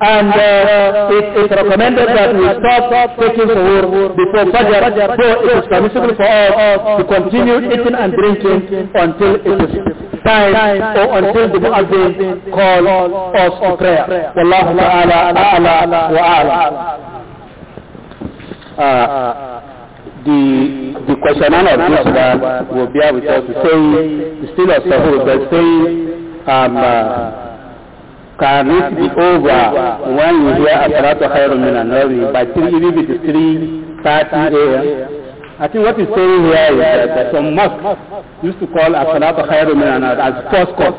Uh, and uh, it is recommended that we stop taking suhoor before Fajr, though it is permissible for us to continue eating and drinking until it is time or until the Muazzin call us to prayer. Wallahu ta'ala a'ala wa a'ala. Uh, uh, the, the questioner of this one will be able to say, still a sahur, but saying, um, uh, cannot be over when you hear Asalatu Khairun Min An-Nawmi by 3, even if it is a.m. I think what he's saying here is that some mosques used to call Asalatu Khairun Min An-Nawmi as first call,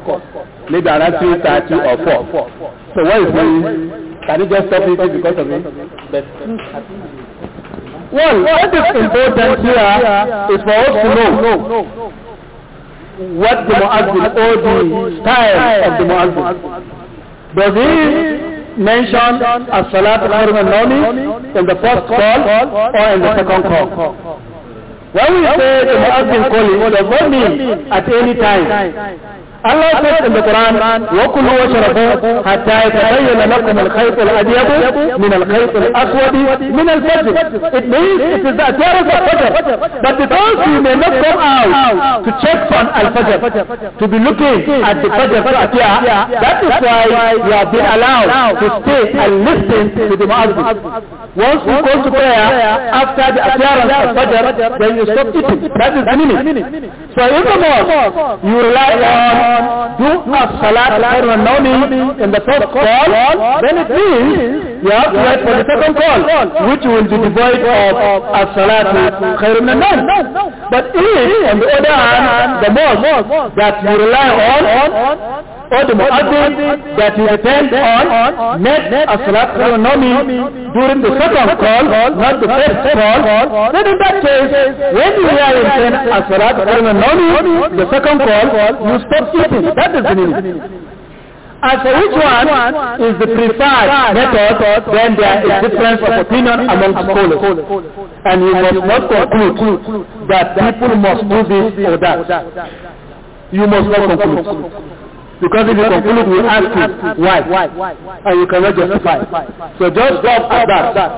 maybe around 3.30 or 4. So what is going Can you just stop it because of it? Well, what is important here is for us to know what the Mu'azzin or the style of the Mu'azzin. Does he mention as salat al nawmi in the first call or in the second call? When we say the Muslim calling, does not mean at any time. الله يقول في القرآن وكلوا واشربوا حتى يتبين لكم الخيط الأبيض من الخيط الأسود من الفجر it means it is the appearance of Fajr but because you may not go out to check on Al-Fajr to be looking at the Fajr to appear that is why you have been allowed to stay and listen to the Mu'adhib once you go to prayer after the appearance of Fajr then you stop eating that is the meaning so in the mosque you rely on on, do a salat khair wa nawmi in the first call, then it means you have to wait for the second call, which will be devoid of a salat khair wa nawm. But if, on the other hand, the mosque that you rely on, or the muaddin that you depend on makes a salat during the second call, not the first call, then in that case, when you are in a salat the second call, you stop eating. That is the meaning. As for which one is the preferred method, then there is difference of opinion among scholars. And you must not conclude that people must do this or that. You must not conclude because if you conclude we ask you why and you cannot justify so just stop at that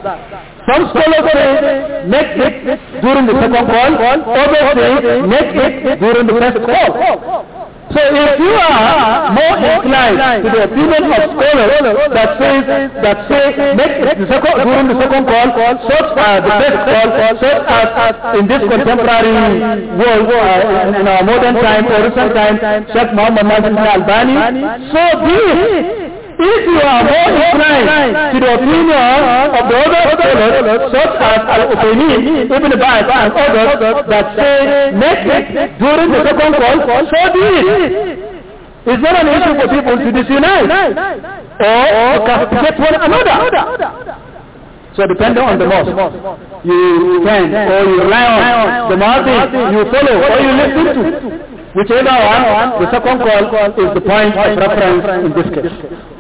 some scholars say make it during the second call others say make it during the first call So if you are more inclined to the opinion of scholars that says that say make the second during the second call, such as the best call, such as in this contemporary world uh, in our modern time or recent time, Sheikh Muhammad Nasir Al-Albani. So this If you are more inclined to the opinion of the other scholars, such as Al-Ubaymin, Ibn Ba'ad, and others, that say make it during the second call, so be it. It's not an issue for people to disunite or castigate one another. So depending on the mosque, you stand or you rely on the mosque, you follow or you listen to. Whichever one, the second call is the point of reference in this case.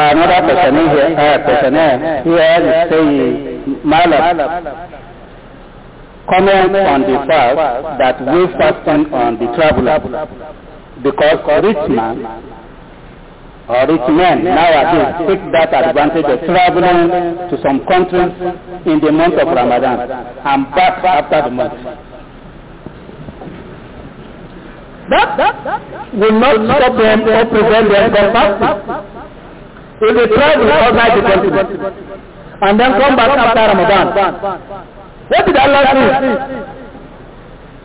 Ah, not another ah, person here, uh, ah, person here is saying, Malam, comment on the fact that we fasten on the traveler because a rich man or rich men nowadays take that advantage of traveling to some countries in the month of Ramadan and back after the month. That will not stop them or prevent them from fasting. He will travel outside the country and then come back after Ramadan. What did Allah say?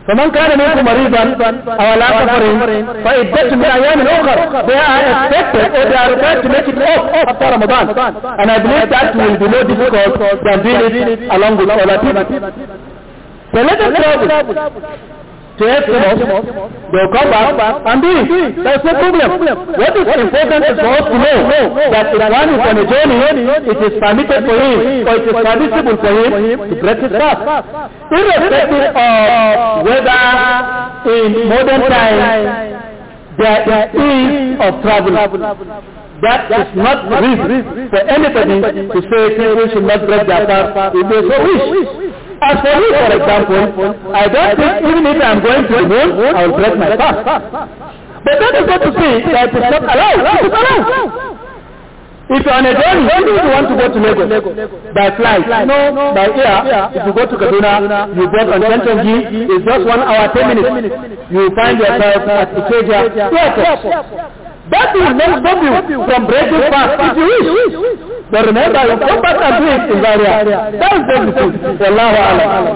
فمن كان منكم مريضا او على سفر فعدة من ايام اخر they are expected or they are required to make it off after Ramadan and I believe that will be more difficult than doing it along with other people. So let us travel to estimate the cover and do it. There is no problem. What is important is for us to know that if one is on a journey, it is permitted for him or it is permissible for him to break his fast. Irrespective of whether in modern times there is of travel. That is not reason for anybody to say people should not break their fast if they so wish. As for me, for example, I don't think even if I'm going to the moon, I will break my fast. But that is not to say that it's not allowed. It is allowed. If you're on a journey, you want to go to Lagos by flight, no, by air. If you go to Kaduna, you board on Tentongi, it's just one hour, ten minutes. You find yourself at Ikeja airport. That will not stop you from breaking fast if you wish. But remember, you come back and do it in Zaria. That is the truth. Wallahu alam.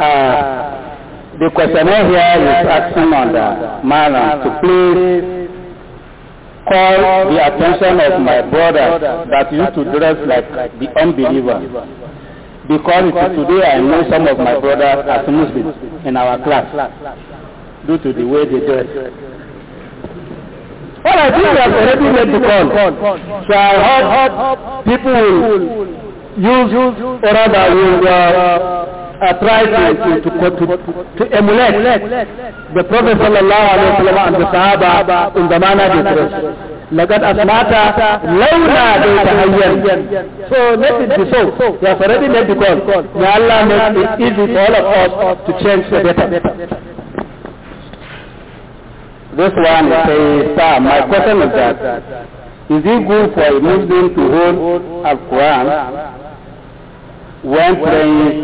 Uh, the questionnaire here is asking on the man to please call the attention of my brother that you to dress like the unbeliever. Because today I know some of my brothers as Muslims in our class due to the way they dress. All I think has already made the call. So I hope people will use or rather will uh, try to, emulate the Prophet sallallahu alayhi wa sallam and the Sahaba in the manner they dress. لقد أسمعت لولا بيتهين so let it be so we have already made the call may Allah make it easy for all of us to change the better This one says, Sir, my question is that, is it good for a Muslim to hold a quran when praying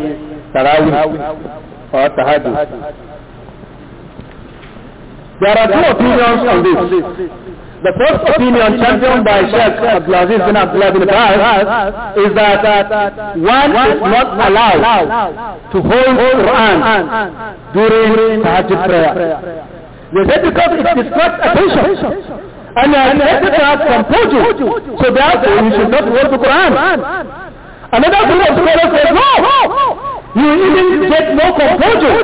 Tarawih or Tahajjud? There are two opinions on this. The first opinion championed by Sheikh Abdulaziz bin Abdullah bin Baz is that uh, one is not allowed to hold Quran during Tahajjud prayer. because it distracts attention. And the epitaph from put So therefore you should not go to Quran. Another group of scholars says, no! You even get more composure.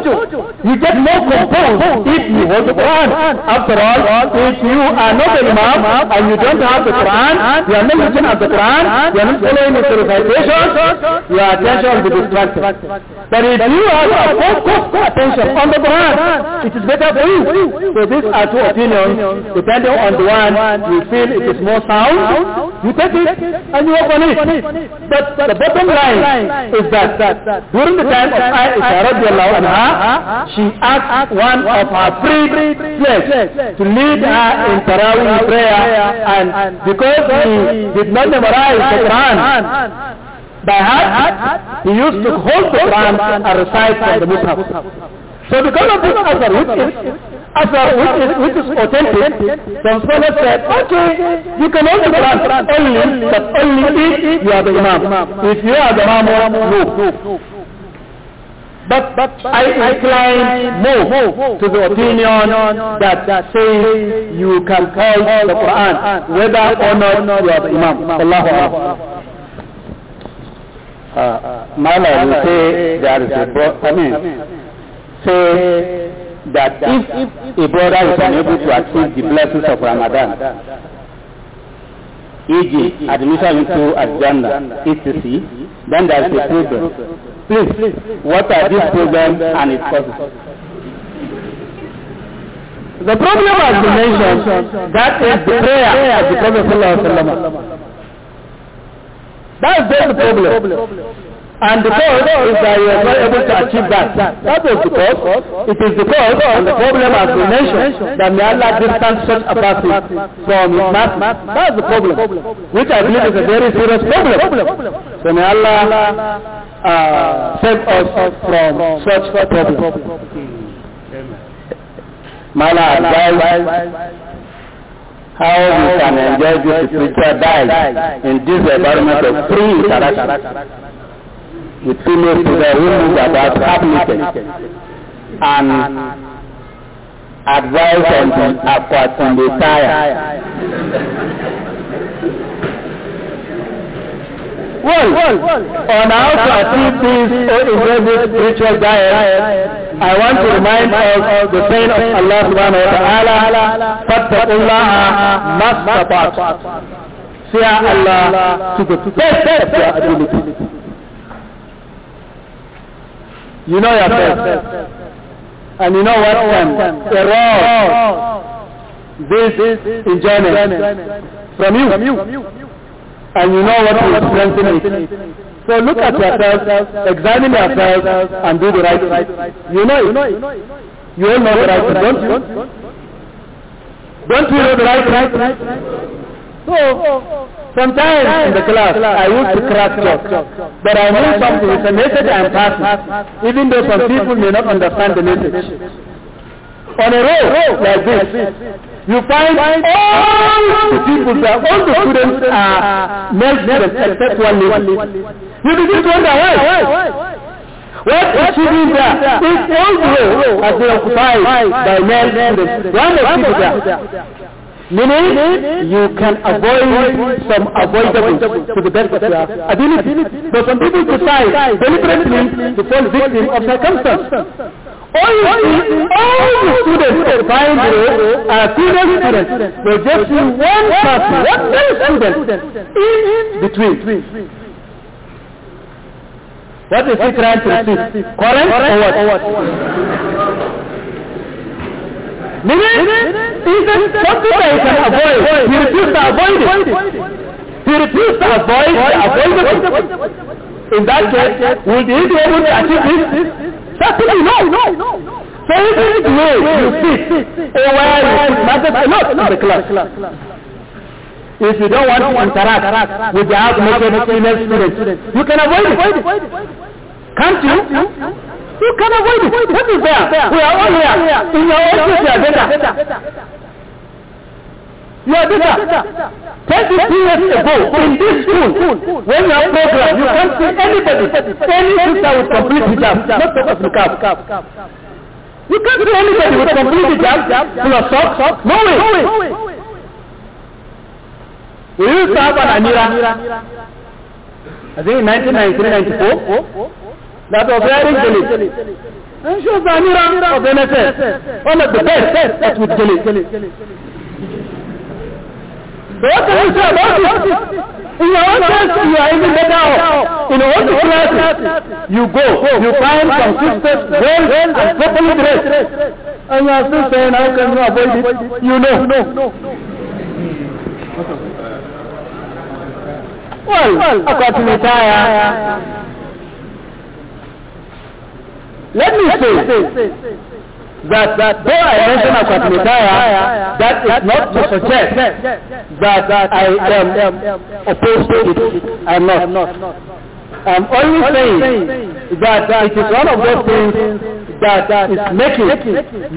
You get more composed if you hold the Quran. After all, if you are not an Imam and you don't have the Quran, you are not looking at the Quran, you are not following its recitation, your attention will be distracted. But if you have a focused attention on the Quran, it is better for you. So these are two opinions. Depending on the one you feel it is more sound, you take it and you open it. But the bottom line is that during the time of her, she asked one of her priests slaves to lead her in Tarawih prayer and because he did not memorize the Quran by heart, he used to hold the Quran and recite from the Muslim. So because of this Azhar, which is, Azhar, which is, which is authentic, some scholars said, okay, you can hold the Quran only, but only if you are the Imam. If you are the Imam, no. But, but I incline more, more to the opinion that, that says you can call the Quran whether or not you are Imam. Allahu Akbar. Uh, Mala will say there is a bro- I mean, say that if, if a brother is unable to achieve the blessings of Ramadan, e.g., admission into Al-Jannah, etc., then there is a problem. Please, what are these programs and its causes? The problem has been mentioned, that is the prayer of the Prophet Sallallahu Alaihi Wasallam. That is the problem. And because that I are not able to achieve that, that was because it is because of the problem as we mentioned that may Allah distance such a person from his master. That is the problem, which I believe is a very serious problem. So may Allah uh, save us from such a problem. Mala advise how we can enjoy this spiritual diet in this environment of free interaction. He pillows to the Hindus about applicants and advice on the aquatum Well, on how to achieve this incredible spiritual diet, I want to remind us of the saying of Allah subhanahu wa ta'ala, فَاتَّقُوا اللَّهَ مَا اسْتَطَعْتُمْ Fear Allah to the best of your ability. You know best, And you know what can erode this enjoyment from you. And you know what will strengthen it. So look at yourself, examine yourself, and do the right thing. You know it. You all know the right thing, don't you? Don't you know the right thing? So, sometimes in the class, I used to crack jokes, but I knew something, it's a message I'm passing, even though some people may not understand the message. On a row like this, you find all the people, that, all the students are male students except one lady. You begin to wonder why. What is she doing there? It's all the row has been occupied by male students. One is there. Meaning, you can avoid some avoidable to the best of your ability. But some people decide deliberately to fall victim of circumstance. All, all, all the students at find Grove are student students. There's just one person, one student in between. What is he trying to see? Current or what? Meaning, even something that you can avoid, you refuse to avoid it. You refuse to avoid the avoidable. In that case, would you be able to achieve this? Certainly no. So even the way you sit or where you sit matters a lot in the class. If you don't want to interact with the outmaking students, you can avoid it. Can't you? You can avoid it. That is there. We are all here. In your own place, you are better. You are better. 22 years ago, in this school, when you have program, you can't see anybody, any sister with complete hijab, not because you cap. You can't see anybody with complete hijab, full of socks, no way. We used to have an Anira, I think in 1993, 1994, that of wearing gele and shows the amira of NSS, one of the best at with gele. So you say In your own In your own you go, you find consistent, well, well and properly dressed. And you are still saying, how can avoid it? You know. Well, according to Taya, Let me say that, that though I mention Akwatimitaya, that is not to suggest that I am opposed to it. I am not. I am only saying that it is one of those things that is making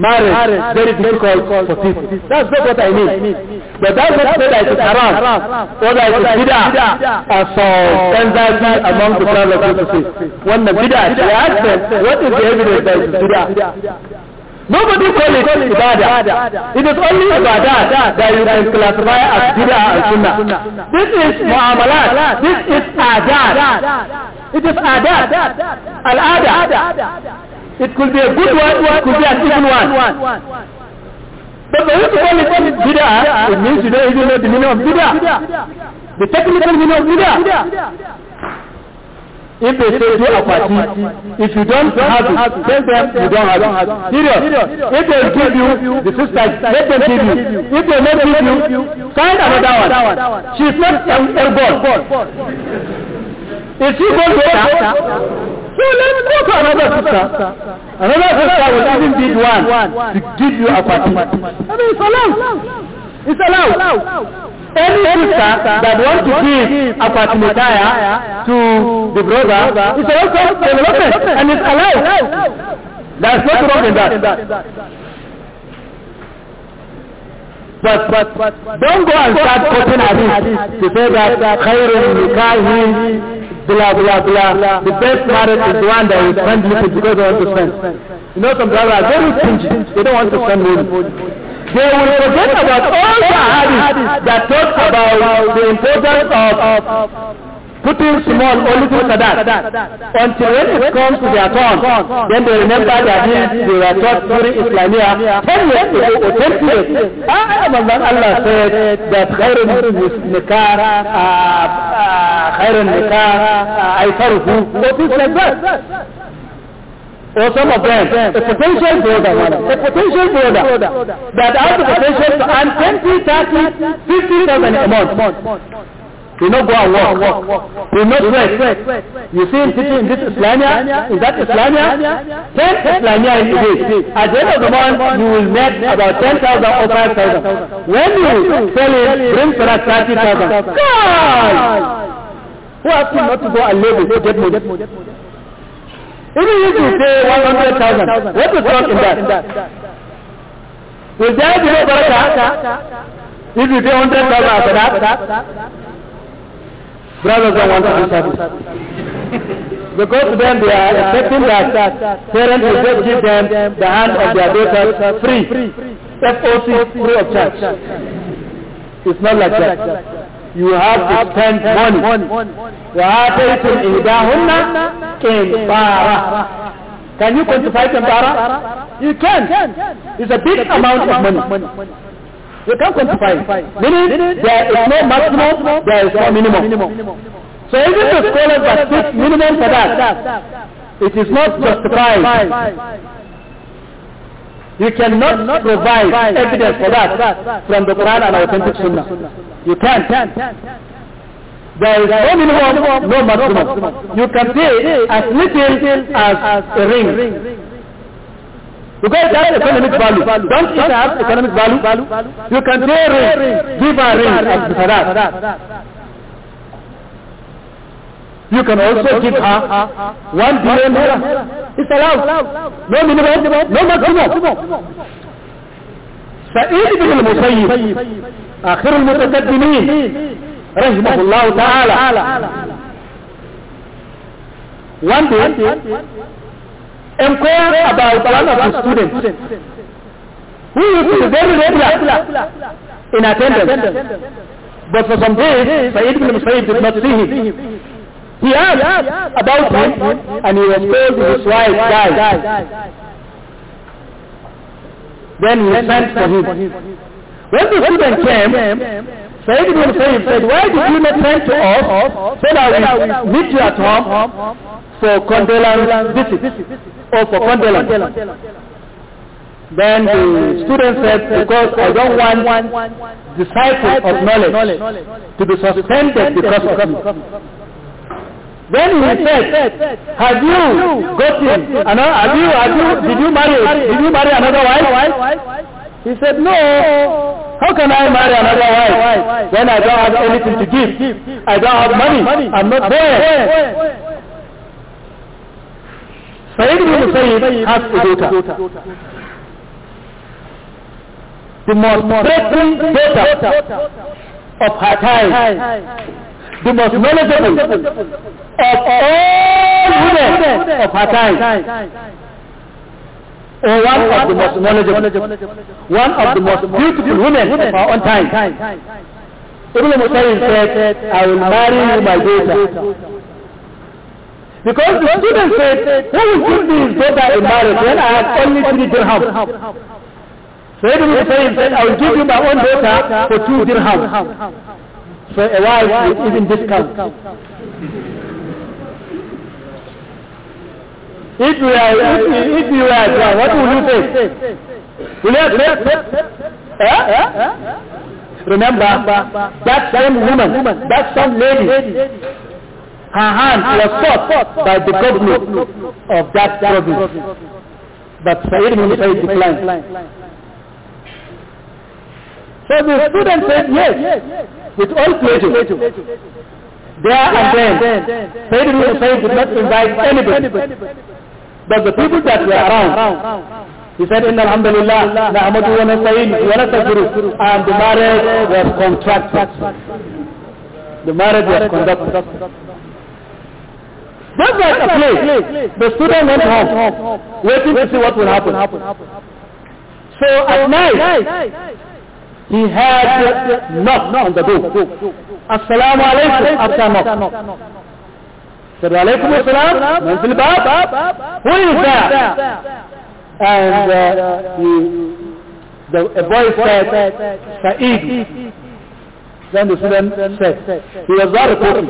marriage very difficult for people. That's not what I mean. But that's what say that it is haram or that it is bid'ah or some anxiety among the crowd of people. When the bid'ah, they ask them, what is the evidence that it is bid'ah? Nobody call it ibadah. It is only ibadah that you can classify as bid'ah and sunnah. This is mu'amalat. This is adat. It is adat. Al-adat. It could be a good one, it could be a evil one. But when you call it bid'ah, it means you don't even know the meaning of bid'ah. The technical meaning of bid'ah. If they say do akwati, if you don't have it, tell them you don't have it. Serious. If they give you the sister, let them give you. If they don't give you, find another one. She's not a, a Is she going to No, let him go to another sister. Another sister will even bid one to give you a party. I mean, it's allowed. It's allowed. Any sister that wants to give a patimataya ah, to the brother, it's also development and it's allowed. There's no wrong in that. But, but, but don't go and start quoting hadith to say that خير النكاح blah, blah, blah. The best marriage is the one that is friendly little because they want to spend. You know, some brothers are very stingy. They don't want to spend money. They will forget about all the hadith that talk about the importance of putting small or little sadat until when it comes to their turn, then they remember that they were taught during Islamia 10 years ago or 10 years. Ah, Allah said that khairun nikah, ah, ah, khairun nikah, ah, aifaruhu, or things like that. Or some of them, a potential brother, a potential brother, that has the potential to earn 20, 30, 50,000 a month. They not go and work. They not rest. You see him sitting in this Islamia? Is that Islamia? Ten Islamia in a day. At the end of the month, you will make about 10,000 or 5,000. When you sell it, bring for us 30,000. God! Who asked you not to go and labor to get money? Even if you say 100,000, what is wrong in that? Will there be no baraka? If you say 100,000 for that? brothers don't want to do service. Because then they are expecting that parents will just give them the hand of their daughters free. FOC free of charge. It's not like that. You have to spend money. وآتيتم إهداهن كنبارا Can you quantify Kembara? You can. It's a big amount of money. You can't quantify Meaning, there is no maximum, there is no minimum. So even the scholars that speak minimum for that, it is not justified. You cannot provide evidence for that from the Quran and authentic Sunnah. You can't. There is no minimum, no maximum. You can pay as little as a ring. Because it has economic value. Don't it have economic value? You can pay rent, give a rent and that. You can also give her one billion naira. It's allowed. No minimum, no maximum. سعيد بن المسيب آخر المتقدمين رحمه الله تعالى. وان day, inquire about one of the students who is very regular in attendance. But for some days, Sayyid ibn Musayyib did not see him. He asked about him and he was told his wife died. Then he sent for him. When the student came, Said to him, said, why did you not send to us so that we meet you at home for condolence visit? or for condolence. Then the student said, because I don't want disciples of knowledge to be suspended because of me. Then he said, have you gotten, another, have you, have you, did you marry, did you marry another wife? He said, no. How can I marry another wife when I don't have anything to give? I don't have money. I'm not there. Sayyid ibn Musayyib has a daughter. The most threatening daughter of her time. The most knowledgeable of all women of her time or one of the most knowledgeable, one of the most beautiful women of our own time. Ibn Musayyib said, I will marry you, my daughter. Because the student said, who will give me his daughter in marriage when I have only three dirham? So Ibn Hussein said, I will give you my own daughter for two dirham. So a wife is even discount. If you are, if you, if you are, what will you say? Will you accept? Eh? Remember, that same woman, that same lady, her hand was sought by the government of that province. But Said ibn declined. So the student said yes, with all pleasure. There and then, Said ibn Said did not invite anybody. But the people that were around, he said, Inna alhamdulillah, na'amadu wa nasta'in, wa nasta'guru. And the marriage was contracted. The marriage was conducted. Just like a play. The student went home, waiting to see what will happen. So at night, he had knock on the door. Assalamu alaikum after knock. Said alaikum assalam, man fil bab, who is there? And uh, the, a boy said, Saeed. Then the student said, he was not reporting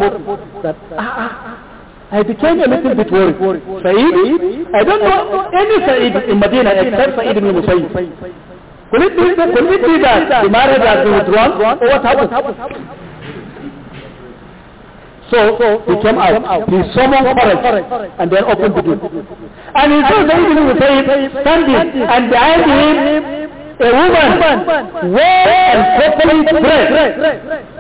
I became a little bit worried. Said, I don't know any Said in Medina except Said ibn Musayyib. Could it be, could it be that the marriage has been withdrawn or what happened? So, he came out. He summoned courage and then opened the door. And he saw Said ibn Musayyib standing and behind him a woman, well and properly dressed.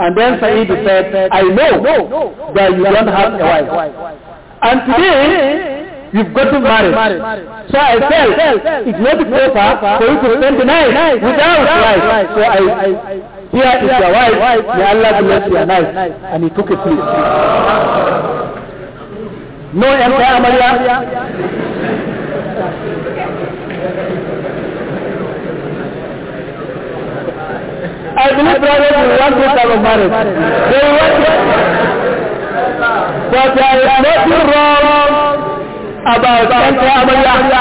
And then Saeed said, I know that you don't have a wife. And today, you've gotten married. So I said, it's not proper for you to spend the night without a wife. So I, I here is your wife, may Allah bless your night, And he took a sleep. No empire, Maria. I believe brothers will want this type of marriage. They want But there is nothing wrong about Santa Amalia.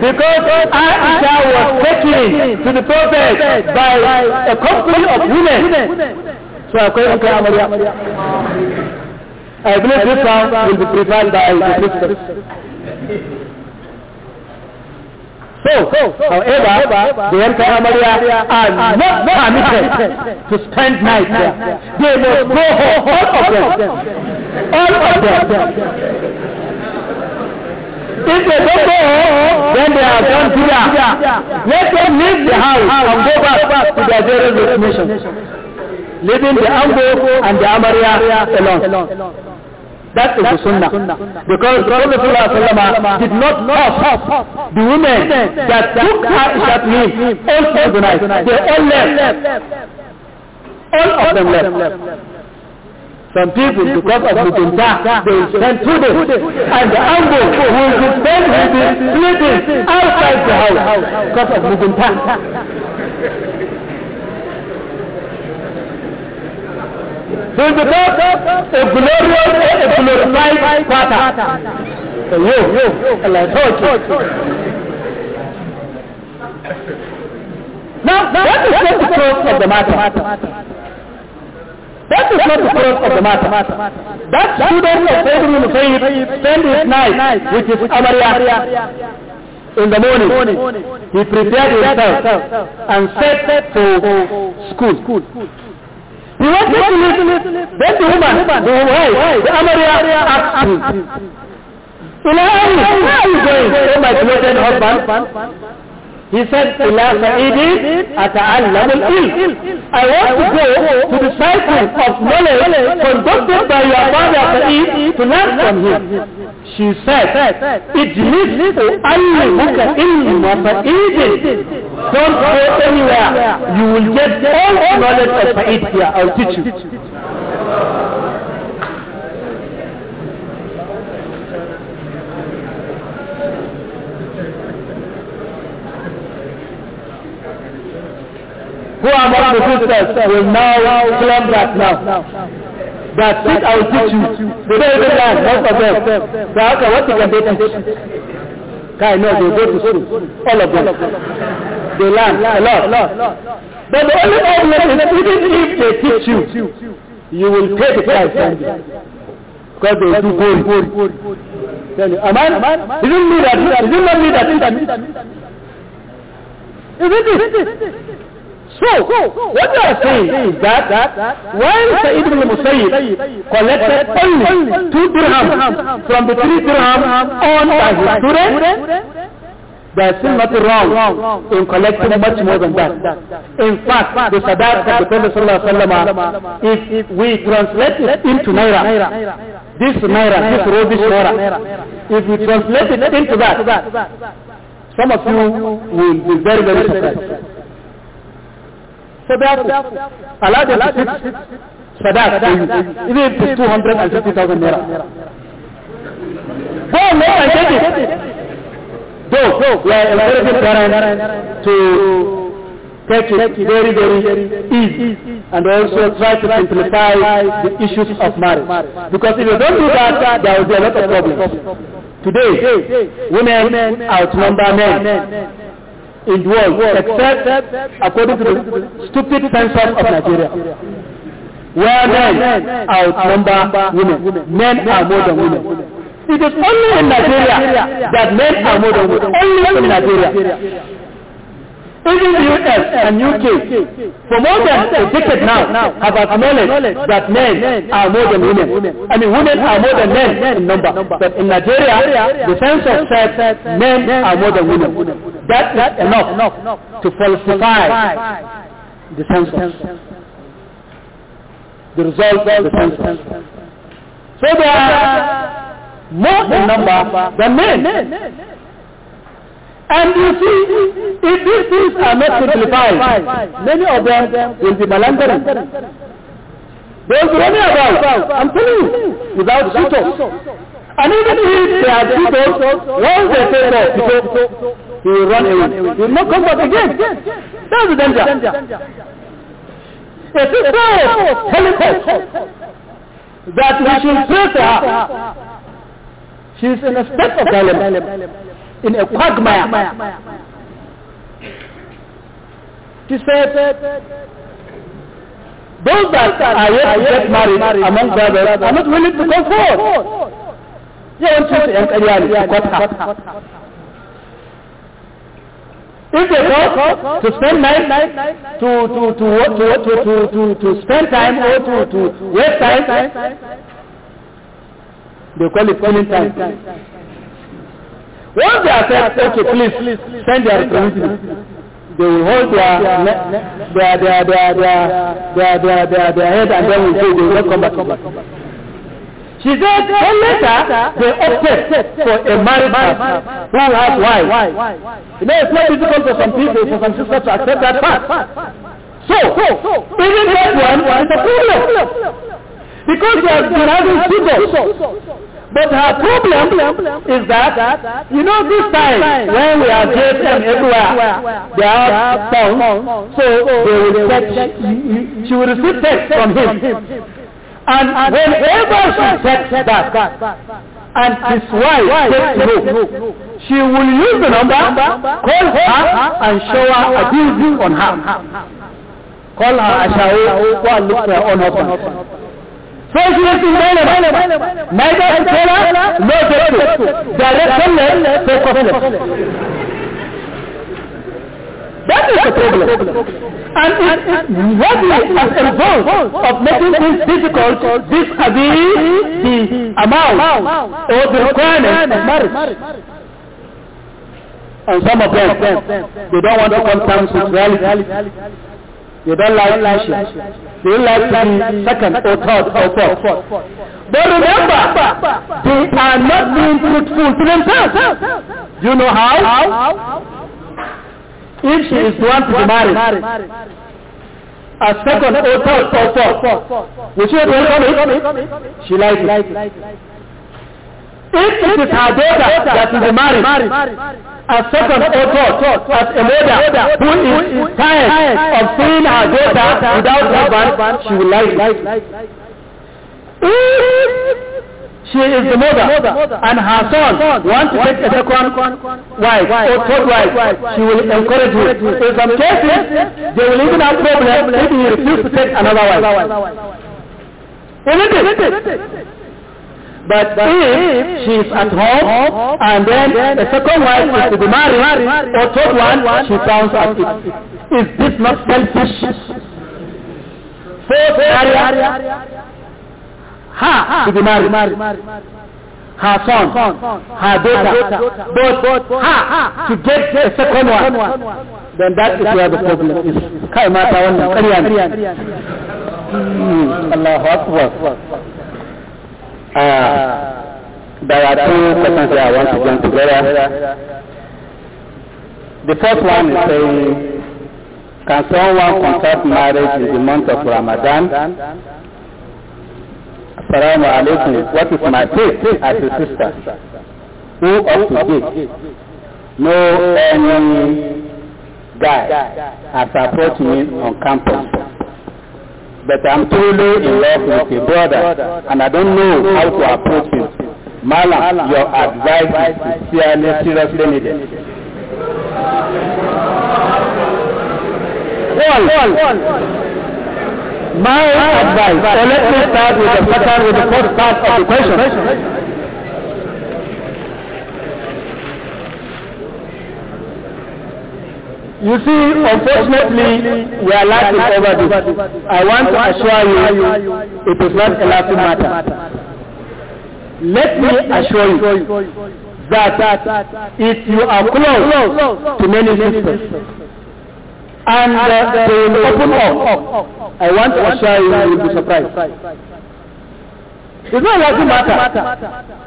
Because Aisha was taken to the Prophet by a company of women. So I call Santa Amalia. I believe this one will be preferred by the Christians. So, however, the entire Amaria are not permitted to spend night there. They must go home, all of them. All of them. If they don't go home, then they are done Judah. Let them leave the house and go back to their various destinations, leaving the Ambo and the Amaria alone. That is the sunnah. Because the Prophet Sallallahu did not stop the women that took Aisha's name all through the night. They all left. All of them left. Some people, because of Mutunta, they will two days. And the uncle will be spend his sleeping outside the house because of Mutunta. They become a glorious, a glorified father. So yo, yo, Allah Now, that is not the truth of the matter. That is not the truth of the matter. That student of Ibn Musayyib spent his night, which is Amariya, in the morning, he prepared himself and set to school. You want to live, then the woman, the wife, the Amaria asks you. Ilahi, where are you going? Oh, my beloved husband. He said, إِلَىٰ سَعِيدِ أَتَعَلَّمُ الْإِلْمِ I want to go to the cycle of knowledge conducted by your father Sa'id to learn from him. She said, Ijlis u'allimuka ilma fa'idin. Don't go anywhere. You will get all knowledge of fa'id here. I'll teach you. Who among the sisters will now claim that now? that sit I will teach you. They don't even learn, most of them. So how can, what can they teach? Guy, no, they go to school. All of them. They learn a lot. But the only problem is even if they teach you, you will pay the price from them. Because they do gold. Tell you, Aman, isn't me that, isn't not me that, isn't it? Isn't it? So, what they are saying is that when Sa'id ibn Musayyib collected only two dirhams from the three dirhams owned by his student, there is still nothing wrong, in collecting much more than that. In fact, the Sadat of the Prophet Sallallahu if we translate it into Naira, this Naira, this rubbish Naira, if we translate it into that, some of you will be very, very surprised sadaqu alhaji fifty sadaq even if it's two hundred and fifty thousand naira go and make and it though we are encouraging parents to take it very, very easy and also try to simplify the issues of marriage. Because if you don't do that, there will be a lot of problems. Today, women outnumber men in the world except according to the stupid census of Nigeria. Where men outnumber women. Men are more than women. It is only in Nigeria that men are more than women. Only in Nigeria. Even US and UK, for more than a decade now, have acknowledged that men are more than women. I mean, women are more than men in number. But in Nigeria, the census said men are more than women. That is enough to falsify the census. The result of the census. So there are more in number than men. And you see, if these things are not simplified, many of them will be malingering. They will be running about, I'm telling you, without suitors. And even if they are suitors, once they take off, he will run away. He will not come back again. That's the danger. It is so telling us that we should pray for her. She is in a state of dilemma ẹni ẹ̀kú hagmaya ti sẹ́ Those that are yet to get married among brothers are not willing to come forward. Yẹ́ to tún sí ẹ̀kẹ́rẹ́ àlè kọ́ta. If they go to spend night, to, to, to, to, to, to, to, to spend time or to, to waste time, they call it spending time. Once they are said, okay, please send their representative, they will hold their their their their their their head and then we say they will come back. She said, then later they opted for a married man who has wife. You know, it's not difficult for some people, for some sisters to accept that fact. So, even that one is a problem. Because they have been having children. But her problem is that, you know, this time when we are JFM everywhere, they are phones, so they will text, she will receive text from him. And whenever she texts back, and his wife takes no, she will use the number, call her, and show her abuse on her. Call her Ashao, go and look for her own husband sai shi yasin bayan na ga tela lokacin That is the problem. And it, what is as a of making things difficult this a the amount or the requirement of marriage. And some of them, they don't want to come to with reality. You don't like lashes. You like to be second or third or fourth. But remember, they are not being truthful to themselves. You know how? how? If she is the one to be married, a second or third or fourth, which is it? She likes it. If it is her daughter that is married, a second author, as a mother who is tired of seeing her daughter without her husband, she will like She is the mother, and her son wants to take a second wife or third wife. She will encourage him. In some cases, they will even have problems if he refuses to take another wife. Isn't it? But, but if she is at home, home and then the second wife is to be married or third one, she counts at it. Is this not selfish? Fourth area, her to be married, her son, her daughter, both her to get the second one. Then that is where the problem is. Kai mata wannan hmm, Allahu Akbar. Ah. there are two questions that I want to join together. The first one is saying, can someone contact marriage in the month of Ramadan? Assalamu alaikum. What is my faith as a sister? Who up to date? No any guy has approached me on campus. But I'm truly in love with a brother and I don't know how to approach him. Malam, your advice is sincerely, seriously needed. One, one. My advice, so let me start with the with the first part of the question. You see, unfortunately, we are lacking over this. I want to assure you, it is not a laughing matter. Let me assure you that if you are close to many systems, and uh, they will open up, I want to assure you, you will be surprised. It's not a laughing matter.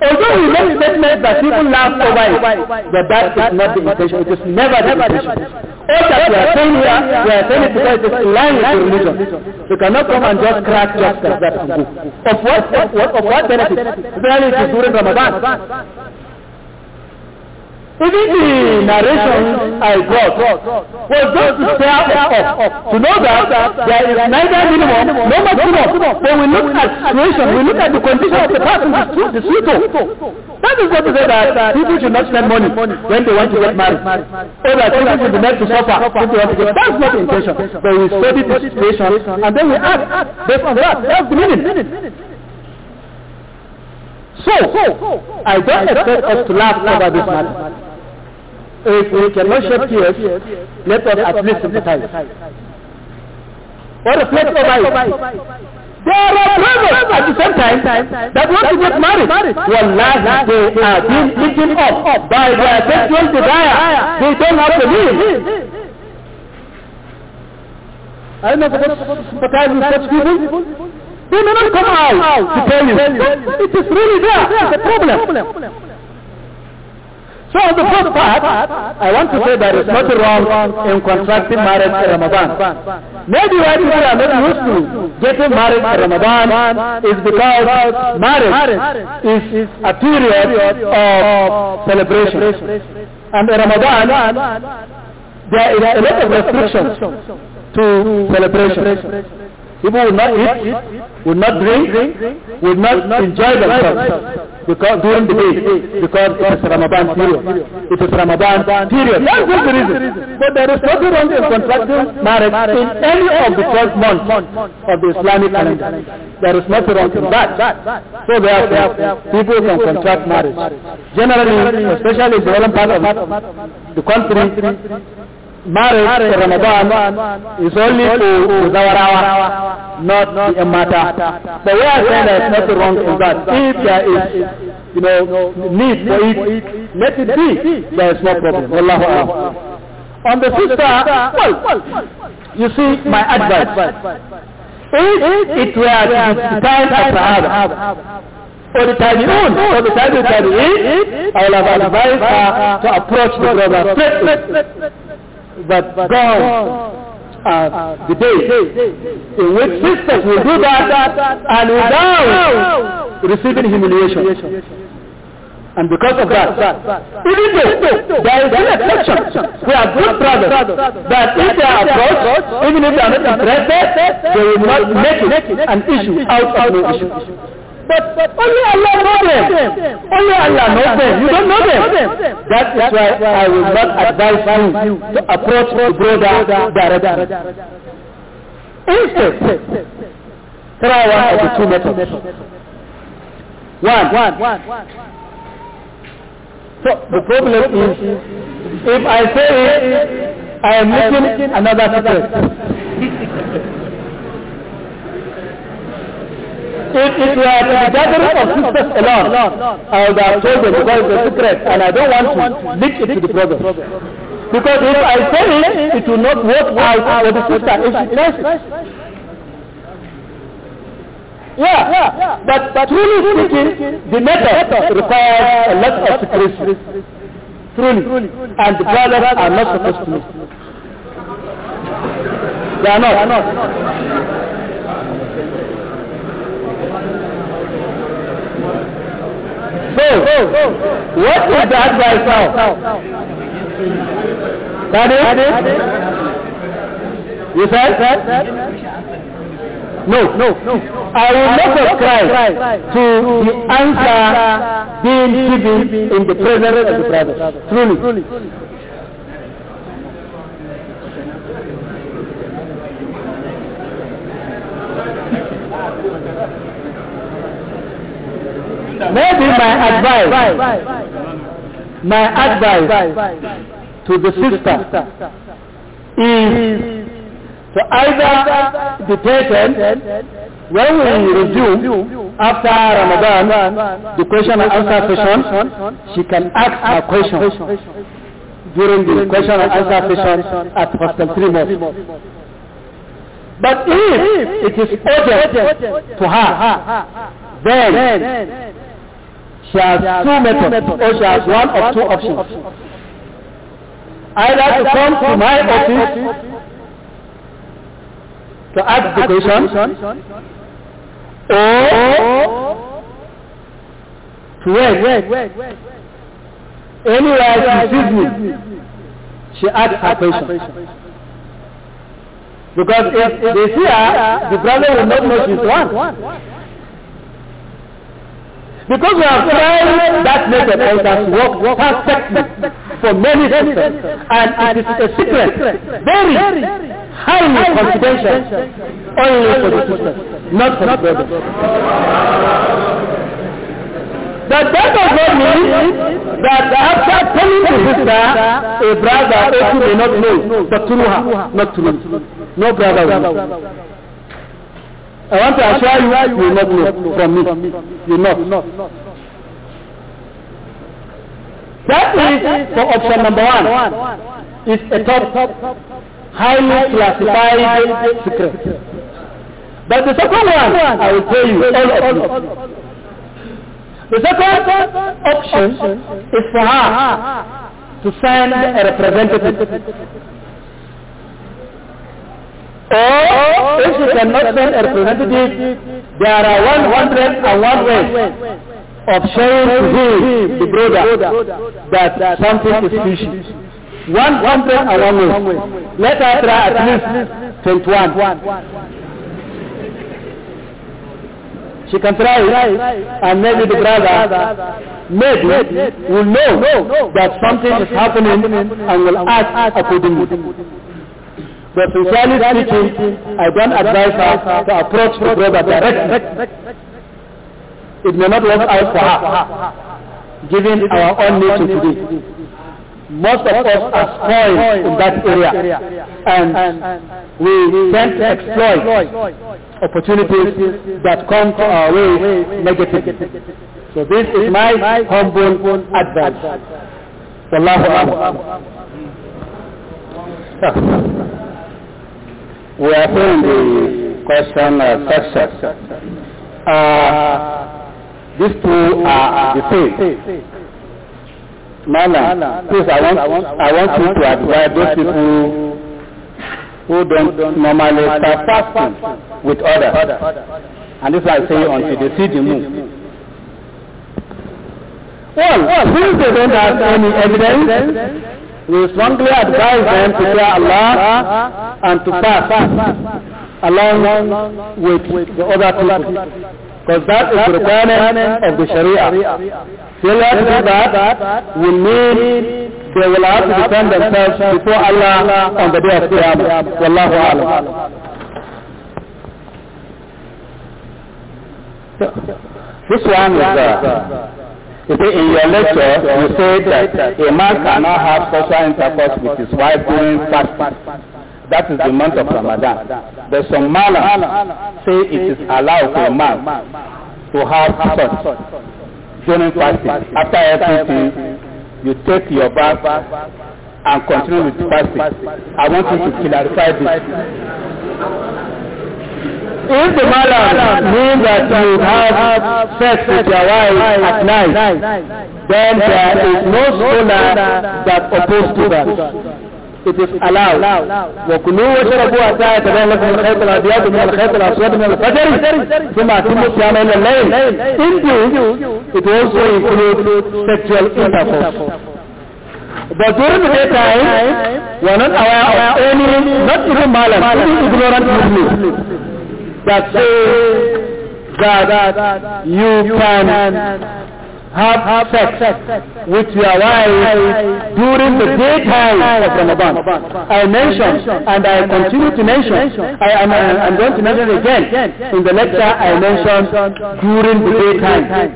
Although we make statements that people laugh over it, but that is not the intention. It is never the intention. All that we are saying here, we are saying it because it is in with the religion. You cannot come and just crack just like that and go. Of what, of what, of what benefit? Especially if it's during Ramadan. Even the narration I got was just to tell us to know that there is neither minimum nor maximum. When we look at situation, we look at the condition of the person, the suitor. That is what to say that people should not spend money when they want to get married. Or that people should be made to suffer if they want to get That's not the intention. But we study the situation and then we ask. based on that. That's the meaning. So, I don't expect us to laugh over this matter. if eh, we eh, cannot shed tears, let us at least sympathize. Or reflect over it. There are brothers at the same time that want to get married. Wallahi, they are being eaten up by their sexual desire. They don't have to leave. I don't know if sympathize with such people. They may not come out to tell you. It is really there. It's a problem. So on the first part, I want to say there is nothing wrong in contracting marriage in Ramadan. Maybe why people are not used to getting married in Ramadan is because marriage is a period of celebration. And in Ramadan, there is a lot of restrictions to celebration. People will not eat, will not drink, will not enjoy themselves because during the day because it is Ramadan period. It is Ramadan period. That is the reason. But there is nothing wrong in contracting marriage in any of the 12 months of the Islamic calendar. There is nothing wrong in that. So therefore, people can contract marriage. Generally, especially in the northern part of the country, marriage to Ramadan is only for Zawarawa, not the Emata. But we are saying is nothing wrong in that. If there is, you know, need for it, let it be. There is no problem. Wallahu alam. On the sister, well, you see my advice. If it were to be time of Sahaba, والتابعون وبتابع التابعين أو الأبعاد to approach the brother But God as the day in which sisters will do that and without receiving humiliation. And because of that, even though there is an exception, we are good brothers But if they are abroad, even if they are not interested, they will not make it an issue out of no issue. But only Allah knows them. Only Allah knows them. You don't know them. That is why I will not advise you to approach the brother directly. Instead, try one of the two methods. One. So the problem is, if I say it, I am making another mistake. If it were the gathering of sisters alone, I would have told them because it's a secret and I don't want to leak it to the brothers. Because if I say it, it will not work out for the sister if she tells it. Yeah, yeah, yeah, But, but truly speaking, the method requires a lot of secrecy. Truly. truly. And the brothers are not supposed to know. They are not. goes. What is that by itself? That is? You said? that? No, no. no. I will not cry to the answer being given in the presence of the brother. Truly. Maybe my advice, my advice to the sister is to either the patient when we resume after Ramadan, the question and answer session, she can ask her question during the question and answer session at Hostel 3 Mosque. But if it is urgent to her, then She has two methods, or oh, she has one or two options. Either to come to my office to ask the question, or to wait. Anywhere she sees me, she asks her question. Because if they see her, the brother will not know she's one. Because we have tried that method and it has worked perfectly for many systems and it is a secret, very highly confidential, only for the sisters, not for the brothers. But that does not mean that after telling the sister, a brother also may not know, but through her, not through No brother will. I want to assure you, you will not know from me. You will not. That is for option number one. It's a top, highly classified secret. But the second one, I will tell you, all of you. The second option is for her to send a representative. Or if she cannot send a representative, there are 101 ways of showing to him, the brother, that something is fishy. 101 ways. Let her try at least 21. She can try it, and maybe the brother maybe will know that something is happening and will act accordingly. But sincerely speaking, I don't advise her to approach the brother directly. It may not work out for her, given our own nature today. Most of us are spoiled in that area, and we tend to exploit opportunities that come to our way negatively. So this is my humble advice. Wallahu a'lam. We are saying the question section. Uh, these two are the same. Malam, please, I want, I want you to advise those people who don't normally start fasting with others. And this I say until they see the moon. Well, since they don't have any evidence, We strongly advise them to fear Allah and to fast along with the other people. Because that is the requirement of the Sharia. Failure to do that will mean they will have to defend themselves before Allah on the day of Qiyamah. Wallahu alam. This one is uh, in your lecture, you say that a man cannot have sexual intercourse with his wife during fasting. That is the month of Ramadan. But some malam say it is allowed for a man to have sex during fasting. After everything, you take your bath and continue with fasting. I want you to clarify this. If the malam means that you have sex with your wife at night, then there is no sunnah that opposed to that. It is allowed. وكلوا واشربوا حتى يتبين لكم الخيط الأبيض من الخيط الأسود من الفجر ثم أتموا الصيام إلى الليل. Indeed, it also includes sexual intercourse. But during the daytime, we are not aware of any, not even malam, even ignorant Muslims. that say that you can have sex with your wife during the daytime of Ramadan. I mentioned and I continue to mention, I am I'm going to mention again. In the lecture I mentioned during the daytime.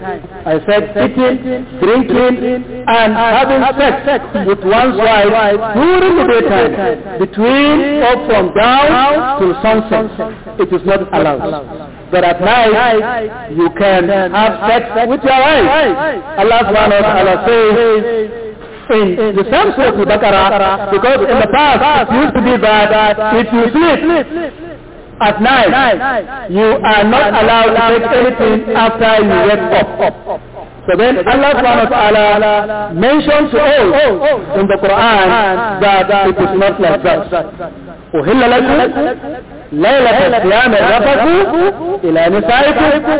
I said eating, drinking and having sex with one's wife during the daytime between up from down to sunset. It is not allowed. that at night you can have sex with your wife. Allah subhanahu wa ta'ala says, in the same source of Baqarah, because in the past it used to be bad that if you sleep, at night, you are not allowed to take anything after you wake up. So then Allah subhanahu wa ta'ala mentioned to all in the Quran that it is not like that. أهل لكم ليلة الصيام رفثوا إلى نسائكم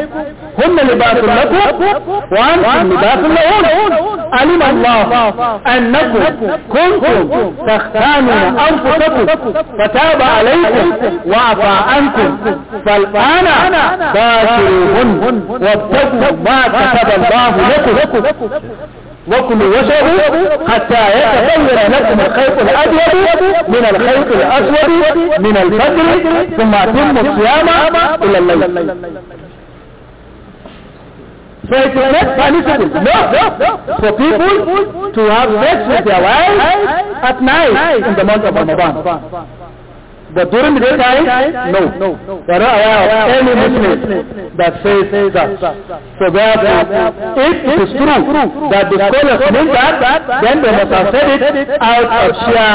هم لباس لكم وأنتم لباس لهم علم الله أنكم كنتم تختانون أنفسكم فتاب عليكم وعفى عنكم فالآن باشروهن وابتدوا ما كتب الله لكم وكلوا واشربوا حتى يتغير لكم الخيط الابيض من الخيط الاسود من الفجر ثم اتموا الصيام الى الليل So it is not permissible. No, for people to have sex with their wives at night in the month of Ramadan. But during the daytime, no. They are not aware of any Muslim that says that. So therefore, if it is true that the scholars mean that, then they must have said it out of sheer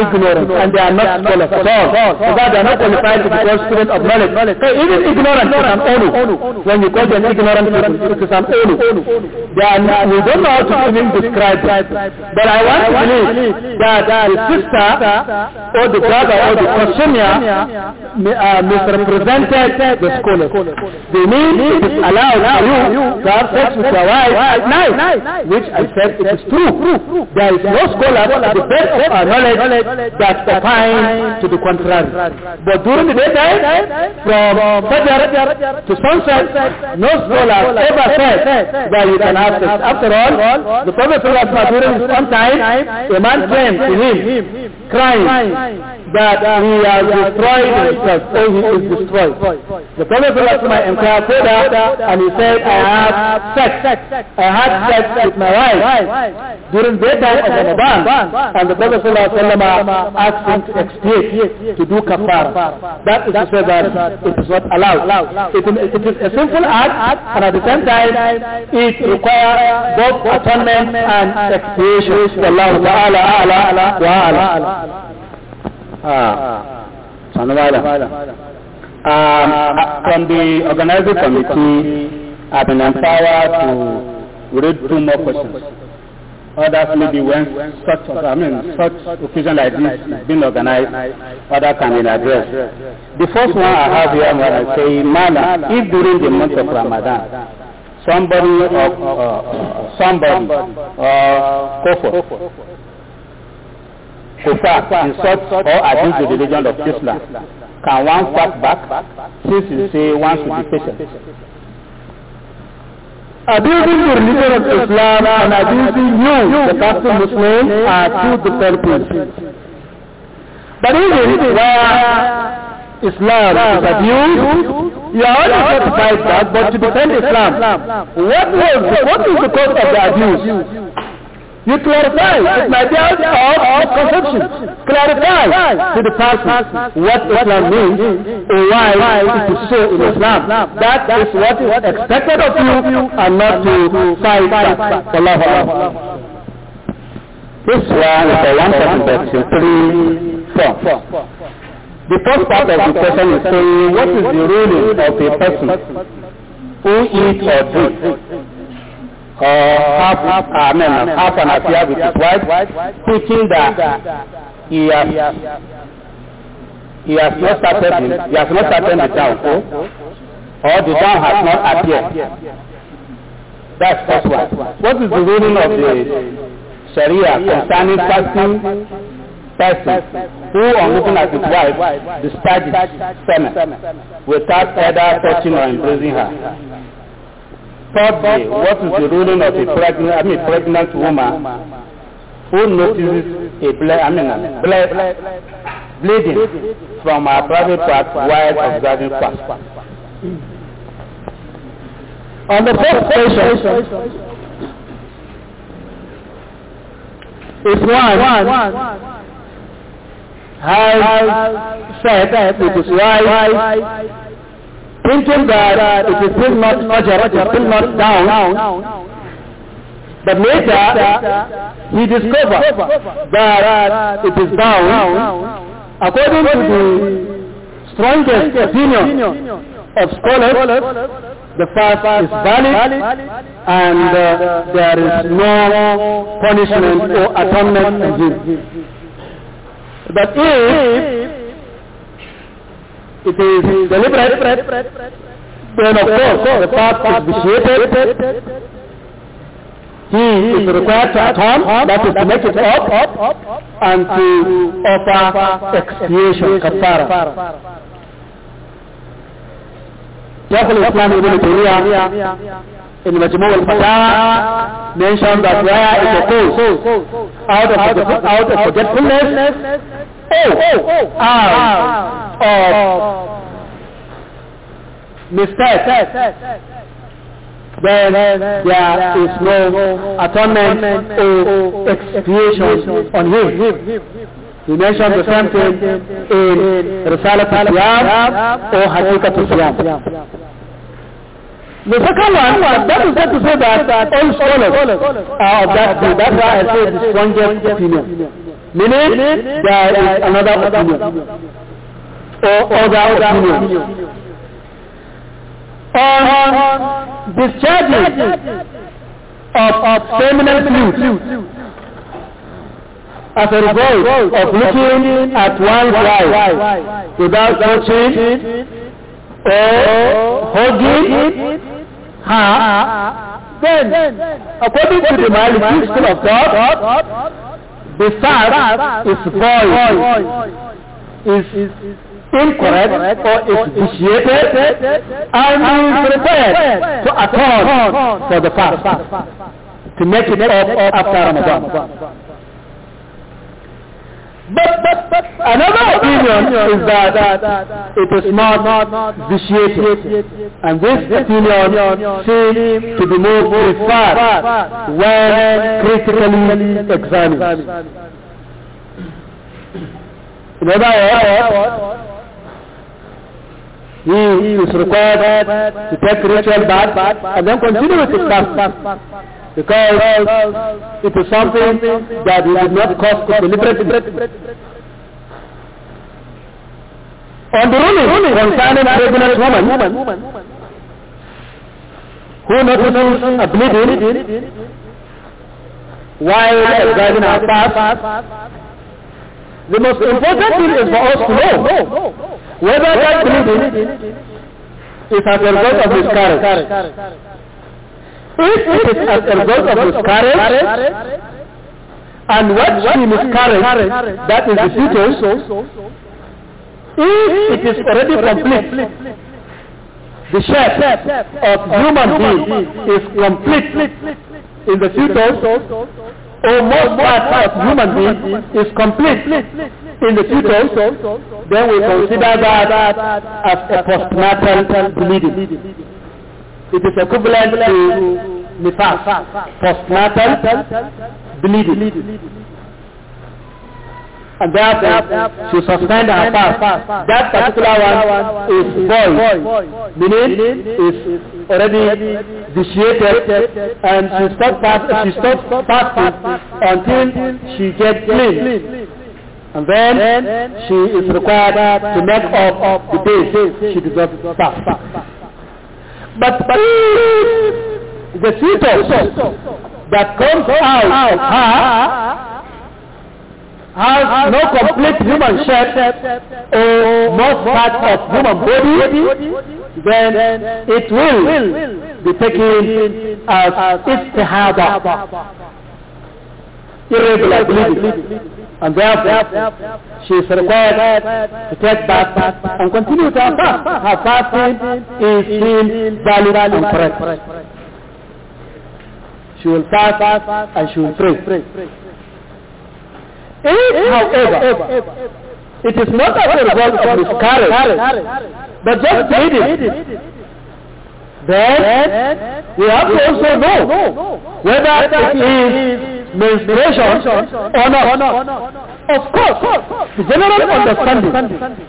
ignorance. And they are not scholars at all. Because they are not qualified to be called students of knowledge. So even ignorant is an onu. When you call them ignorant people, it is an onu. They are we don't know how to even describe it. But I want to believe that the sister or the brother or the person academia uh, misrepresented the scholars. They mean it is allowed for you to have sex with your wife at night, which I said it is true. There is no scholar at the best of our knowledge that opines to the contrary. But during the daytime, from Fajr to sunset, no scholar ever said that you can have sex. After all, the Prophet during his own time, a man came to him crying that he has destroyed himself, so he is destroyed. The Prophet my inquired further and he said, I have sex. I had sex with my wife during daytime of Ramadan. And the Prophet ﷺ asked him to expiate, to do kafara. That is to say that it is not allowed. it is a simple act and at the same time it requires both atonement and expiation. والله تعالى أعلى وأعلى. آه. Sanwara. Um, from the organizing committee, I've been empowered to read two more questions. Others maybe when such, I mean, such occasion like this is being organized, others can be addressed. The first one I have here, when I say, Mala, if during the month of Ramadan, somebody of, uh, uh, somebody, uh, Kofo, Kufa is or abuse the religion of Islam. Can one fight back since you say one should be patient? Abusing the religion of Islam and abusing you, the Catholic Muslim, are two different things. But even where Islam is abused, you are only not to fight back, but to defend Islam. What, was, what is the cause of the abuse? You clarify it might be out of conception. Clarify to the person what Islam means or why it is so in Islam. That is what is expected of you and not to fight back. Wallahu Akbar. This one is the one question three, four. The first part of the question is saying what is the ruling of a person who eats or drinks or half, uh, no, no, half an affair with his wife, thinking that he has, he has not started, in, he has not started the town, so, or the town has not appeared. That's first one. What is the meaning of the Sharia concerning fasting person who on looking at his wife discharges semen without either touching or embracing her? Thirdly, what is the ruling of a pregnant, I mean, pregnant woman who notices a ble- I mean, ble- bleeding from her private part while observing fast? On the first question, if one, one has said that it is right Thinking that it is still not Hajar, it is still not down, but later he discovered that it is down according to the strongest opinion of scholars the fast is valid and uh, there is no punishment or atonement in him. But if It is deliberate, then of course the path is vitiated. He is required to atone, that is to make it up, and to offer expiation, kafara. شيخ الإسلام ابن تيمية in Majmu al-Fatawa mentioned that where is a cause out of, out of forgetfulness O R of mistake then there is no atonement or expiation on him. He mentioned the same thing in Risalat al-Siyam or Hakikat al-Siyam. The second one, that is to say that all scholars are of that view. That's why I say this one strongest opinion. Meaning, there is another opinion or other opinion. On discharging of, of seminal flute as a result of looking at one wife without touching or holding her, then according to the Maliki school of thought, Isar is void, is incorrect or is initiated. and is prepared to atone for the past, to make it up after Ramadan. But, but, but another opinion is that it is not vitiated. And this opinion seems to be more preferred when critically examined. In other words, he is required to take ritual bath and then continue with his fast because it is something that you did not cause deliberately. On the ruling concerning pregnant woman who notices a bleeding while driving her past, the most important thing is for us to know whether that bleeding is as a result of miscarriage. If it is a result of miscarriage, and what is miscarried, that is the fetus, if it is already complete, the shape of human being is complete in the fetus, or oh, most part of human being is complete in the fetus, then we consider that as a postnatal bleeding. It is equivalent to nifas, postnatal bleeding. And therefore, to suspend her fast, that particular one is void, meaning is already vitiated, and she stops fast, she stops fasting until she gets clean. And then, then she is required to make up the days she did not fast. But, the sweet that comes out, has, no complete human shape or not part of human body, then it will be taken as istihada, irregular bleeding. And therefore, she is required to take bath and continue to have fast. Her fasting is still valid and correct. She will fast and she will pray. If, however, it is not as a result of miscarriage, but just bleeding, then we have to also know whether it is menstruation or not. Of course, the general understanding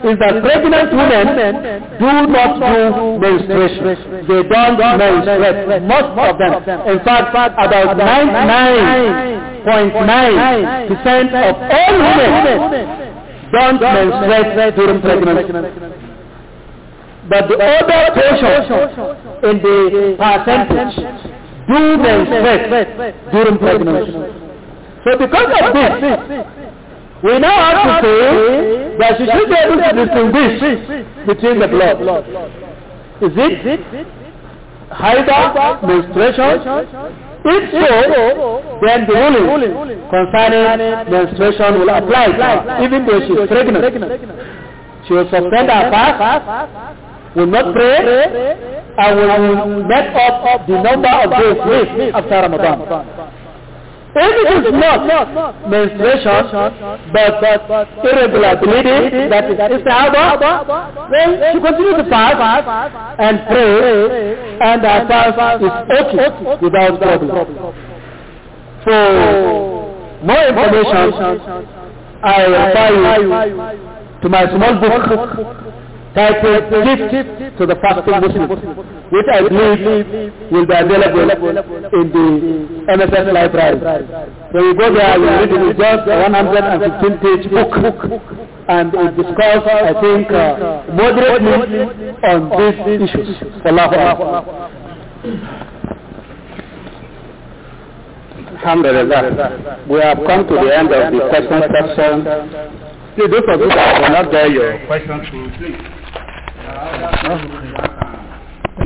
is that pregnant women do not do menstruation. They don't menstruate, most of them. In fact, about 99.9% .9 of all women don't menstruate during pregnancy. But the other portion in the percentage do menstruate during pregnancy. So because of this, we now have to say that she should be able to distinguish between the blood. Is it Haida, menstruation, if so, then the ruling concerning menstruation will apply, even though she is pregnant. She will suspend her fast will not pray, and will make up the number of days with after Ramadan. If it is not menstruation, but, irregular bleeding, that is istihaba, then she continues to fast and pray, and her fast is okay without problem. So, more information, I refer you to my small book, titled Gift to the Fasting Muslim, which I believe will be available in the MSF library. When you go there, you read it. It's just a 115-page book, and it discusses, I think, uh, moderately on these issues. Allahu Akbar. Alhamdulillah. We have come to the end of the question section. Those of you that are not there, your questions will please. Ah,